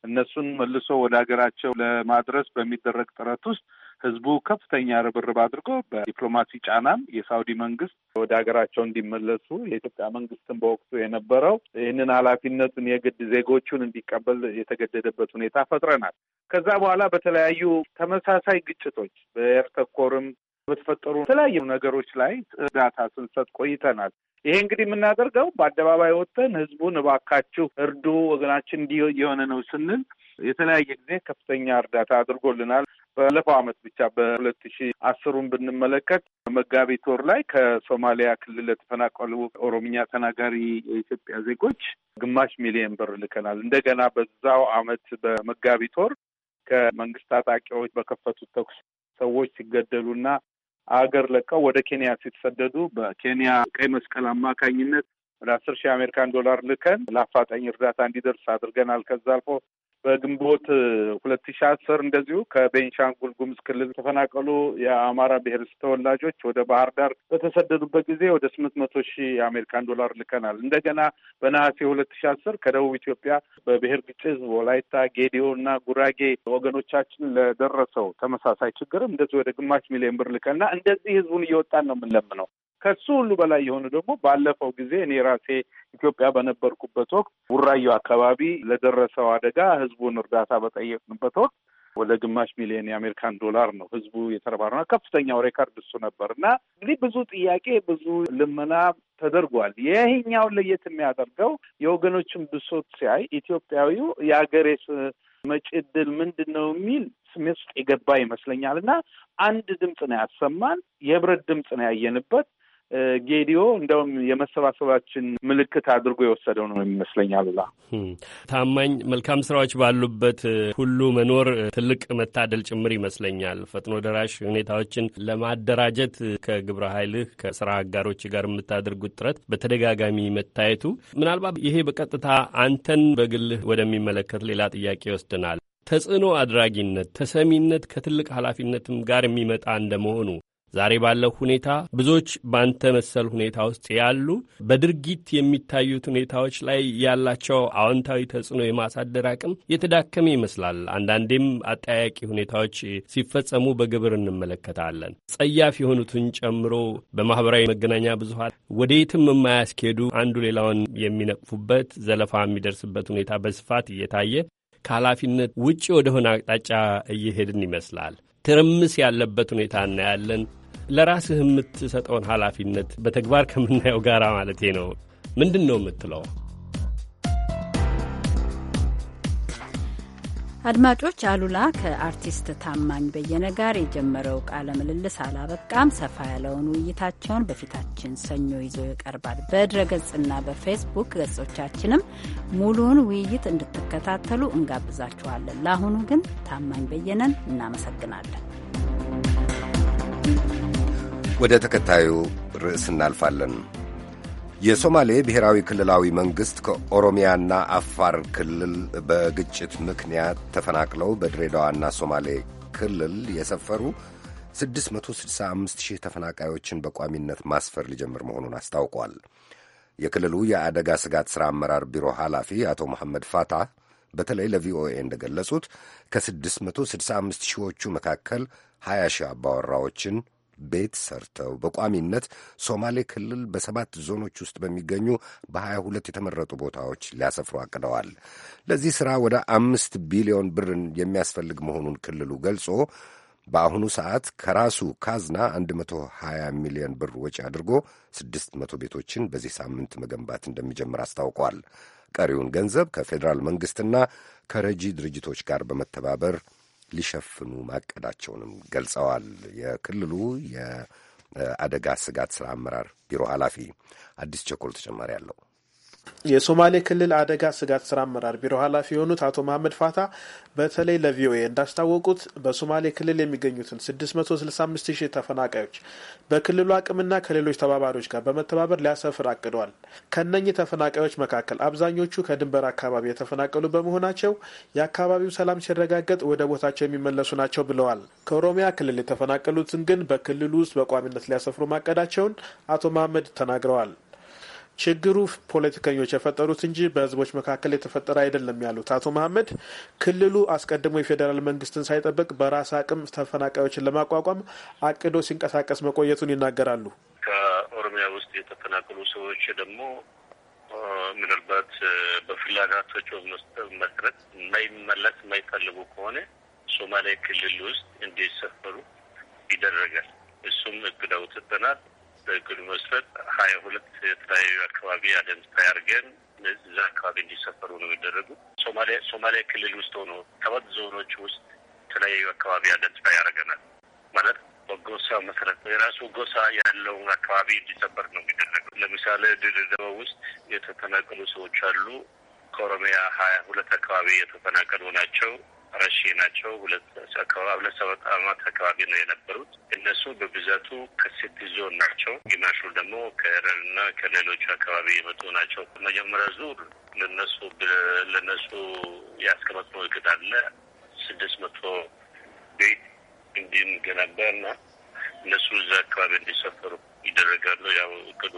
እነሱን መልሶ ወደ ሀገራቸው ለማድረስ በሚደረግ ጥረት ውስጥ ህዝቡ ከፍተኛ ርብርብ አድርጎ በዲፕሎማሲ ጫናም የሳውዲ መንግስት ወደ ሀገራቸው እንዲመለሱ የኢትዮጵያ መንግስትን በወቅቱ የነበረው ይህንን ኃላፊነቱን የግድ ዜጎቹን እንዲቀበል የተገደደበት ሁኔታ ፈጥረናል። ከዛ በኋላ በተለያዩ ተመሳሳይ ግጭቶች በኤርተኮርም በተፈጠሩ የተለያዩ ነገሮች ላይ እርዳታ ስንሰጥ ቆይተናል። ይሄ እንግዲህ የምናደርገው በአደባባይ ወጥተን ህዝቡን እባካችሁ እርዱ፣ ወገናችን እንዲህ የሆነ ነው ስንል የተለያየ ጊዜ ከፍተኛ እርዳታ አድርጎልናል። ባለፈው አመት ብቻ በሁለት ሺ አስሩን ብንመለከት መጋቢት ወር ላይ ከሶማሊያ ክልል ለተፈናቀሉ ኦሮምኛ ተናጋሪ የኢትዮጵያ ዜጎች ግማሽ ሚሊየን ብር ልከናል። እንደገና በዛው አመት በመጋቢት ወር ከመንግስት ታጣቂዎች በከፈቱት ተኩስ ሰዎች ሲገደሉና አገር ለቀው ወደ ኬንያ ሲሰደዱ በኬንያ ቀይ መስቀል አማካኝነት ወደ አስር ሺህ አሜሪካን ዶላር ልከን ለአፋጣኝ እርዳታ እንዲደርስ አድርገናል። ከዛ አልፎ በግንቦት ሁለት ሺ አስር እንደዚሁ ከቤንሻንጉል ጉምዝ ክልል ተፈናቀሉ የአማራ ብሔር ተወላጆች ወደ ባህር ዳር በተሰደዱበት ጊዜ ወደ ስምንት መቶ ሺህ የአሜሪካን ዶላር ልከናል። እንደገና በነሐሴ ሁለት ሺ አስር ከደቡብ ኢትዮጵያ በብሔር ግጭት ወላይታ፣ ጌዲዮ እና ጉራጌ ወገኖቻችን ለደረሰው ተመሳሳይ ችግርም እንደዚህ ወደ ግማሽ ሚሊዮን ብር ልከና እንደዚህ ህዝቡን እየወጣን ነው የምንለምነው። ከሱ ሁሉ በላይ የሆነ ደግሞ ባለፈው ጊዜ እኔ ራሴ ኢትዮጵያ በነበርኩበት ወቅት ቡራዩ አካባቢ ለደረሰው አደጋ ህዝቡን እርዳታ በጠየቅንበት ወቅት ወደ ግማሽ ሚሊዮን የአሜሪካን ዶላር ነው ህዝቡ የተረባረና ከፍተኛው ሬከርድ እሱ ነበር። እና እንግዲህ ብዙ ጥያቄ ብዙ ልመና ተደርጓል። ይህኛውን ለየት የሚያደርገው የወገኖችን ብሶት ሲያይ ኢትዮጵያዊው የአገሬ መጪ ዕድል ምንድን ነው የሚል ስሜት ውስጥ የገባ ይመስለኛል። እና አንድ ድምፅ ነው ያሰማን፣ የህብረት ድምፅ ነው ያየንበት። ጌዲዮ እንደውም የመሰባሰባችን ምልክት አድርጎ የወሰደው ነው ይመስለኛል። ላ ታማኝ መልካም ስራዎች ባሉበት ሁሉ መኖር ትልቅ መታደል ጭምር ይመስለኛል። ፈጥኖ ደራሽ ሁኔታዎችን ለማደራጀት ከግብረ ኃይልህ ከስራ አጋሮች ጋር የምታደርጉት ጥረት በተደጋጋሚ መታየቱ ምናልባት ይሄ በቀጥታ አንተን በግልህ ወደሚመለከት ሌላ ጥያቄ ይወስድናል። ተጽዕኖ አድራጊነት፣ ተሰሚነት ከትልቅ ኃላፊነትም ጋር የሚመጣ እንደመሆኑ ዛሬ ባለው ሁኔታ ብዙዎች ባንተ መሰል ሁኔታ ውስጥ ያሉ በድርጊት የሚታዩት ሁኔታዎች ላይ ያላቸው አዎንታዊ ተጽዕኖ የማሳደር አቅም የተዳከመ ይመስላል። አንዳንዴም አጠያቂ ሁኔታዎች ሲፈጸሙ በግብር እንመለከታለን። ጸያፍ የሆኑትን ጨምሮ በማህበራዊ መገናኛ ብዙሃን ወደ የትም የማያስኬዱ አንዱ ሌላውን የሚነቅፉበት ዘለፋ የሚደርስበት ሁኔታ በስፋት እየታየ ከኃላፊነት ውጭ ወደሆነ አቅጣጫ እየሄድን ይመስላል። ትርምስ ያለበት ሁኔታ እናያለን። ለራስህ የምትሰጠውን ኃላፊነት በተግባር ከምናየው ጋር ማለቴ ነው ምንድን ነው የምትለው? አድማጮች አሉላ ከአርቲስት ታማኝ በየነ ጋር የጀመረው ቃለ ምልልስ አላበቃም። ሰፋ ያለውን ውይይታቸውን በፊታችን ሰኞ ይዞ ይቀርባል። በድረ ገጽና በፌስቡክ ገጾቻችንም ሙሉውን ውይይት እንድትከታተሉ እንጋብዛችኋለን። ለአሁኑ ግን ታማኝ በየነን እናመሰግናለን። ወደ ተከታዩ ርዕስ እናልፋለን። የሶማሌ ብሔራዊ ክልላዊ መንግሥት ከኦሮሚያና አፋር ክልል በግጭት ምክንያት ተፈናቅለው በድሬዳዋና ሶማሌ ክልል የሰፈሩ 665 ሺህ ተፈናቃዮችን በቋሚነት ማስፈር ሊጀምር መሆኑን አስታውቋል። የክልሉ የአደጋ ስጋት ሥራ አመራር ቢሮ ኃላፊ አቶ መሐመድ ፋታ በተለይ ለቪኦኤ እንደገለጹት ከ665 ሺዎቹ መካከል 20 ሺህ አባወራዎችን ቤት ሰርተው በቋሚነት ሶማሌ ክልል በሰባት ዞኖች ውስጥ በሚገኙ በሀያ ሁለት የተመረጡ ቦታዎች ሊያሰፍሩ አቅደዋል። ለዚህ ሥራ ወደ አምስት ቢሊዮን ብርን የሚያስፈልግ መሆኑን ክልሉ ገልጾ በአሁኑ ሰዓት ከራሱ ካዝና 120 ሚሊዮን ብር ወጪ አድርጎ 600 ቤቶችን በዚህ ሳምንት መገንባት እንደሚጀምር አስታውቋል። ቀሪውን ገንዘብ ከፌዴራል መንግሥትና ከረጂ ድርጅቶች ጋር በመተባበር ሊሸፍኑ ማቀዳቸውንም ገልጸዋል። የክልሉ የአደጋ ስጋት ስራ አመራር ቢሮ ኃላፊ አዲስ ቸኮል ተጨማሪ አለው። የሶማሌ ክልል አደጋ ስጋት ስራ አመራር ቢሮ ኃላፊ የሆኑት አቶ መሀመድ ፋታ በተለይ ለቪኦኤ እንዳስታወቁት በሶማሌ ክልል የሚገኙትን 665 ሺህ ተፈናቃዮች በክልሉ አቅምና ከሌሎች ተባባሪዎች ጋር በመተባበር ሊያሰፍር አቅደዋል። ከነኚህ ተፈናቃዮች መካከል አብዛኞቹ ከድንበር አካባቢ የተፈናቀሉ በመሆናቸው የአካባቢው ሰላም ሲረጋገጥ ወደ ቦታቸው የሚመለሱ ናቸው ብለዋል። ከኦሮሚያ ክልል የተፈናቀሉትን ግን በክልሉ ውስጥ በቋሚነት ሊያሰፍሩ ማቀዳቸውን አቶ መሀመድ ተናግረዋል። ችግሩ ፖለቲከኞች የፈጠሩት እንጂ በህዝቦች መካከል የተፈጠረ አይደለም ያሉት አቶ መሀመድ ክልሉ አስቀድሞ የፌዴራል መንግስትን ሳይጠብቅ በራስ አቅም ተፈናቃዮችን ለማቋቋም አቅዶ ሲንቀሳቀስ መቆየቱን ይናገራሉ። ከኦሮሚያ ውስጥ የተፈናቀሉ ሰዎች ደግሞ ምናልባት በፍላጎታቸው መሰረት የማይመለስ የማይፈልጉ ከሆነ ሶማሌ ክልል ውስጥ እንዲሰፈሩ ይደረጋል። እሱም እቅድ አውጥተናል። በእቅዱ መሰረት ሀያ ሁለት የተለያዩ አካባቢ አደንስታይ አድርገን እዛ አካባቢ እንዲሰፈሩ ነው የሚደረጉት። ሶማሊያ ሶማሊያ ክልል ውስጥ ሆኖ ሰባት ዞኖች ውስጥ የተለያዩ አካባቢ አደንስታይ ያደርገናል ማለት በጎሳ መሰረት የራሱ ጎሳ ያለውን አካባቢ እንዲሰፈር ነው የሚደረገው። ለምሳሌ ድሬዳዋ ውስጥ የተፈናቀሉ ሰዎች አሉ። ከኦሮሚያ ሀያ ሁለት አካባቢ የተፈናቀሉ ናቸው። አራሺ ናቸው። ሁለት አካባቢ ሁለት ሰባት አመት አካባቢ ነው የነበሩት። እነሱ በብዛቱ ከሴት ዞን ናቸው። ግማሹ ደግሞ ከረን እና ከሌሎቹ አካባቢ የመጡ ናቸው። መጀመሪያ ዙር ለነሱ ለነሱ ያስቀመጥነው እቅድ አለ ስድስት መቶ ቤት እንዲንገነባ እና እነሱ እዛ አካባቢ እንዲሰፈሩ ይደረጋሉ። ያው እቅዱ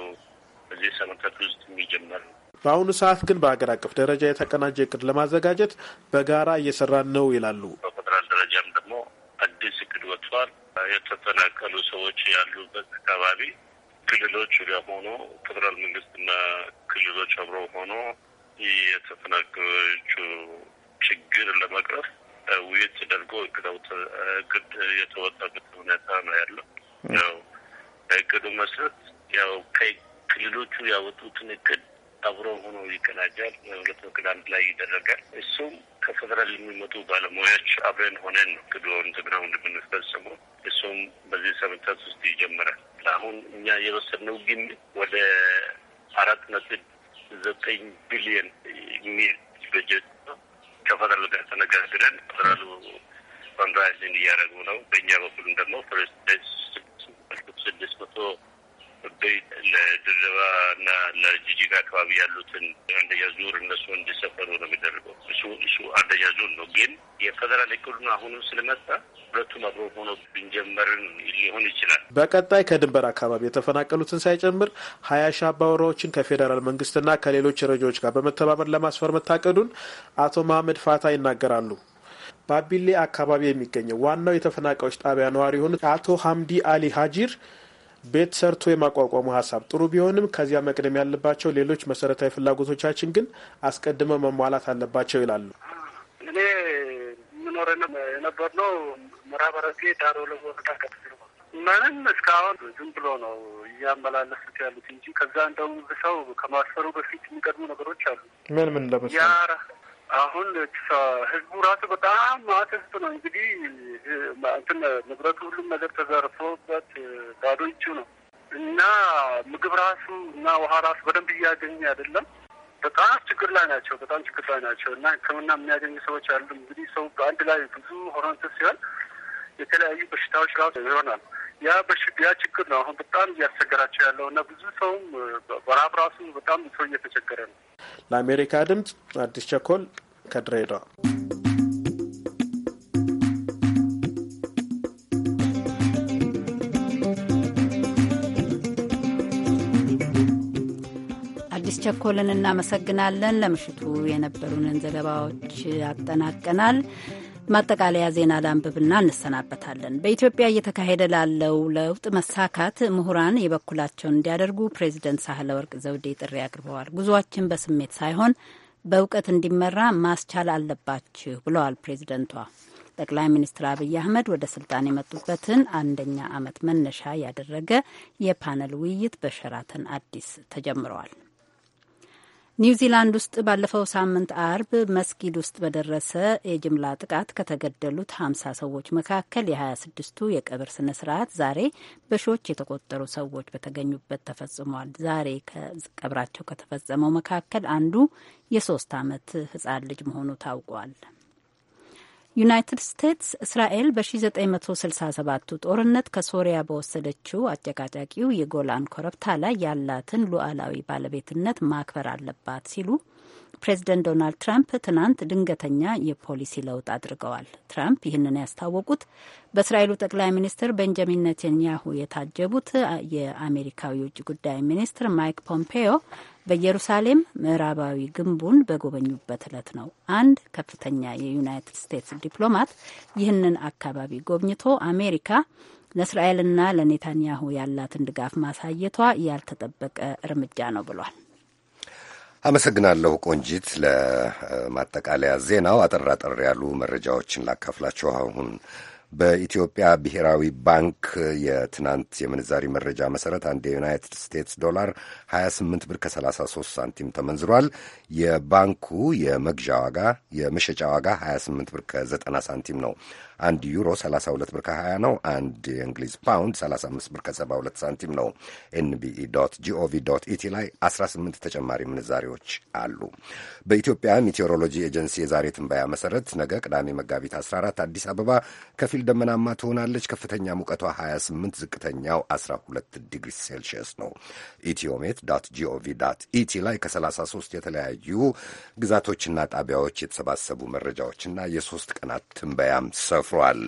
በዚህ ሰመንታት ውስጥ የሚጀመር ነው። በአሁኑ ሰዓት ግን በሀገር አቀፍ ደረጃ የተቀናጀ እቅድ ለማዘጋጀት በጋራ እየሰራን ነው ይላሉ። በፌደራል ደረጃም ደግሞ አዲስ እቅድ ወጥቷል። የተፈናቀሉ ሰዎች ያሉበት አካባቢ ክልሎች ሆኖ ፌደራል መንግስትና ክልሎች አብሮ ሆኖ የተፈናቀሎቹ ችግር ለመቅረፍ ውይይት ተደርጎ እቅድ የተወጣበት ሁኔታ ነው ያለው። ያው እቅዱ መሰረት ያው ከክልሎቹ ያወጡትን እቅድ አብሮ ሆኖ ይቀናጃል። ሁለት በክል አንድ ላይ ይደረጋል። እሱም ከፌደራል የሚመጡ ባለሙያዎች አብረን ሆነን ነው ክዶ ትግራው እንደምንፈጽሙ እሱም በዚህ ሰምንታት ውስጥ ይጀምራል። አሁን እኛ የወሰድነው ግን ወደ አራት ነጥብ ዘጠኝ ቢሊየን የሚል በጀት ነው። ከፌደራል ጋር ተነጋግረን ፌደራሉ ፈንድራይዝን እያደረጉ ነው። በእኛ በኩልም ደግሞ ስድስት መቶ ቤት ለድርባ እና ለጂጂጋ አካባቢ ያሉትን አንደኛ ዙር እነሱ እንዲሰፈሩ ነው የሚደረገው። እሱ እሱ አንደኛ ዙር ነው። ግን የፌደራል እቅዱን አሁንም ስለመጣ ሁለቱም አብሮ ሆኖ ብንጀመርን ሊሆን ይችላል። በቀጣይ ከድንበር አካባቢ የተፈናቀሉትን ሳይጨምር ሀያ ሺህ አባወራዎችን ከፌዴራል መንግስትና ከሌሎች ረጂዎች ጋር በመተባበር ለማስፈር መታቀዱን አቶ መሀመድ ፋታ ይናገራሉ። ባቢሌ አካባቢ የሚገኘው ዋናው የተፈናቃዮች ጣቢያ ነዋሪ የሆኑት አቶ ሀምዲ አሊ ሀጂር ቤት ሰርቶ የማቋቋሙ ሀሳብ ጥሩ ቢሆንም ከዚያ መቅደም ያለባቸው ሌሎች መሰረታዊ ፍላጎቶቻችን ግን አስቀድመው መሟላት አለባቸው ይላሉ። እኔ የምኖረ የነበር ነው ምዕራበረሴ ዳሮ ለወረዳ ምንም እስካሁን ዝም ብሎ ነው እያመላለሱት ያሉት እንጂ ከዛ እንደውም ሰው ከማስፈሩ በፊት የሚቀድሙ ነገሮች አሉ። ምን ምን ለመሰ አሁን ህዝቡ ራሱ በጣም ማት ነው እንግዲህ እንትን ንብረቱ ሁሉም ነገር ተዘርፎበት ባዶ እጁ ነው እና ምግብ ራሱ እና ውሃ ራሱ በደንብ እያገኘ አይደለም። በጣም ችግር ላይ ናቸው። በጣም ችግር ላይ ናቸው እና ሕክምና የሚያገኙ ሰዎች አሉ። እንግዲህ ሰው በአንድ ላይ ብዙ ሆኖ ሲሆን የተለያዩ በሽታዎች ራሱ ይሆናል። ያ በሽ ያ ችግር ነው አሁን በጣም እያስቸገራቸው ያለው እና ብዙ ሰውም በራብ ራሱ በጣም ሰው እየተቸገረ ነው። ለአሜሪካ ድምፅ አዲስ ቸኮል ከድሬዳዋ አዲስ ቸኮልን እናመሰግናለን። ለምሽቱ የነበሩንን ዘገባዎች ያጠናቀናል። ማጠቃለያ ዜና ላንብብና እንሰናበታለን። በኢትዮጵያ እየተካሄደ ላለው ለውጥ መሳካት ምሁራን የበኩላቸውን እንዲያደርጉ ፕሬዚደንት ወርቅ ዘውዴ ጥሪ አቅርበዋል። ጉዟችን በስሜት ሳይሆን በእውቀት እንዲመራ ማስቻል አለባችሁ ብለዋል ፕሬዚደንቷ። ጠቅላይ ሚኒስትር አብይ አህመድ ወደ ስልጣን የመጡበትን አንደኛ ዓመት መነሻ ያደረገ የፓነል ውይይት በሸራተን አዲስ ተጀምረዋል። ኒውዚላንድ ውስጥ ባለፈው ሳምንት አርብ መስጊድ ውስጥ በደረሰ የጅምላ ጥቃት ከተገደሉት ሀምሳ ሰዎች መካከል የ ስድስቱ ቱ የቀብር ስነ ስርዓት ዛሬ በሺዎች የተቆጠሩ ሰዎች በተገኙበት ተፈጽሟል። ዛሬ ቀብራቸው ከተፈጸመው መካከል አንዱ የሶስት ዓመት ህጻን ልጅ መሆኑ ታውቋል። ዩናይትድ ስቴትስ እስራኤል በ1967ቱ ጦርነት ከሶሪያ በወሰደችው አጨቃጫቂው የጎላን ኮረብታ ላይ ያላትን ሉዓላዊ ባለቤትነት ማክበር አለባት ሲሉ ፕሬዚደንት ዶናልድ ትራምፕ ትናንት ድንገተኛ የፖሊሲ ለውጥ አድርገዋል። ትራምፕ ይህንን ያስታወቁት በእስራኤሉ ጠቅላይ ሚኒስትር ቤንጃሚን ኔተንያሁ የታጀቡት የአሜሪካዊ የውጭ ጉዳይ ሚኒስትር ማይክ ፖምፔዮ በኢየሩሳሌም ምዕራባዊ ግንቡን በጎበኙበት ዕለት ነው። አንድ ከፍተኛ የዩናይትድ ስቴትስ ዲፕሎማት ይህንን አካባቢ ጎብኝቶ አሜሪካ ለእስራኤልና ለኔታንያሁ ያላትን ድጋፍ ማሳየቷ ያልተጠበቀ እርምጃ ነው ብሏል። አመሰግናለሁ ቆንጂት። ለማጠቃለያ ዜናው አጠር አጠር ያሉ መረጃዎችን ላካፍላችሁ አሁን በኢትዮጵያ ብሔራዊ ባንክ የትናንት የምንዛሪ መረጃ መሰረት አንድ የዩናይትድ ስቴትስ ዶላር 28 ብር ከ33 ሳንቲም ተመንዝሯል። የባንኩ የመግዣ ዋጋ የመሸጫ ዋጋ 28 ብር ከ90 ሳንቲም ነው። አንድ ዩሮ 32 ብር ከ20 ነው። አንድ የእንግሊዝ ፓውንድ 35 ብር ከ72 ሳንቲም ነው። ኤንቢኢ ጂኦቪ ኢቲ ላይ 18 ተጨማሪ ምንዛሪዎች አሉ። በኢትዮጵያ ሜቴሮሎጂ ኤጀንሲ የዛሬ ትንበያ መሰረት ነገ ቅዳሜ መጋቢት 14 አዲስ አበባ ከፊል ደመናማ ትሆናለች። ከፍተኛ ሙቀቷ 28፣ ዝቅተኛው 12 ዲግሪ ሴልሺየስ ነው። ኢትዮሜት ጂኦቪ ኢቲ ላይ ከ33 የተለያዩ ግዛቶችና ጣቢያዎች የተሰባሰቡ መረጃዎችና የሶስት ቀናት ትንበያም ሰፍ ሰፍረዋል።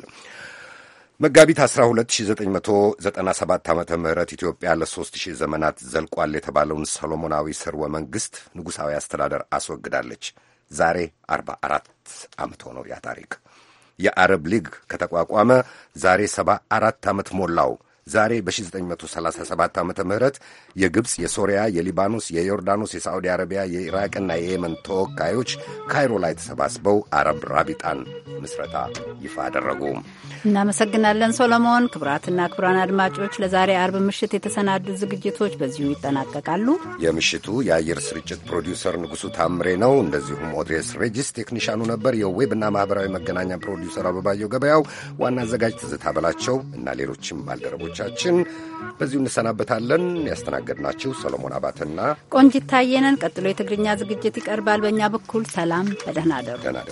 መጋቢት 12997 ዓ ም ኢትዮጵያ ለ3000 ዘመናት ዘልቋል የተባለውን ሰሎሞናዊ ስርወ መንግሥት ንጉሣዊ አስተዳደር አስወግዳለች። ዛሬ 44 ዓመት ሆነው ያ ታሪክ የአረብ ሊግ ከተቋቋመ ዛሬ 74 ዓመት ሞላው። ዛሬ በ1937 ዓ ም የግብፅ፣ የሶሪያ፣ የሊባኖስ፣ የዮርዳኖስ፣ የሳዑዲ አረቢያ፣ የኢራቅና የየመን ተወካዮች ካይሮ ላይ ተሰባስበው አረብ ራቢጣን ምስረታ ይፋ አደረጉ። እናመሰግናለን ሶሎሞን። ክቡራትና ክቡራን አድማጮች ለዛሬ አርብ ምሽት የተሰናዱ ዝግጅቶች በዚሁ ይጠናቀቃሉ። የምሽቱ የአየር ስርጭት ፕሮዲውሰር ንጉሱ ታምሬ ነው። እንደዚሁም ኦድሬስ ሬጅስ ቴክኒሻኑ ነበር። የዌብና ማኅበራዊ መገናኛ ፕሮዲውሰር አበባየው ገበያው፣ ዋና አዘጋጅ ትዝታ በላቸው እና ሌሎችም ባልደረቦች አድማጮቻችን በዚሁ እንሰናበታለን። ያስተናገድናችሁ ሰሎሞን አባትና ቆንጂት ታየ ቀጥሎ የትግርኛ ዝግጅት ይቀርባል። በእኛ በኩል ሰላም፣ በደህና አደሩ። ደህና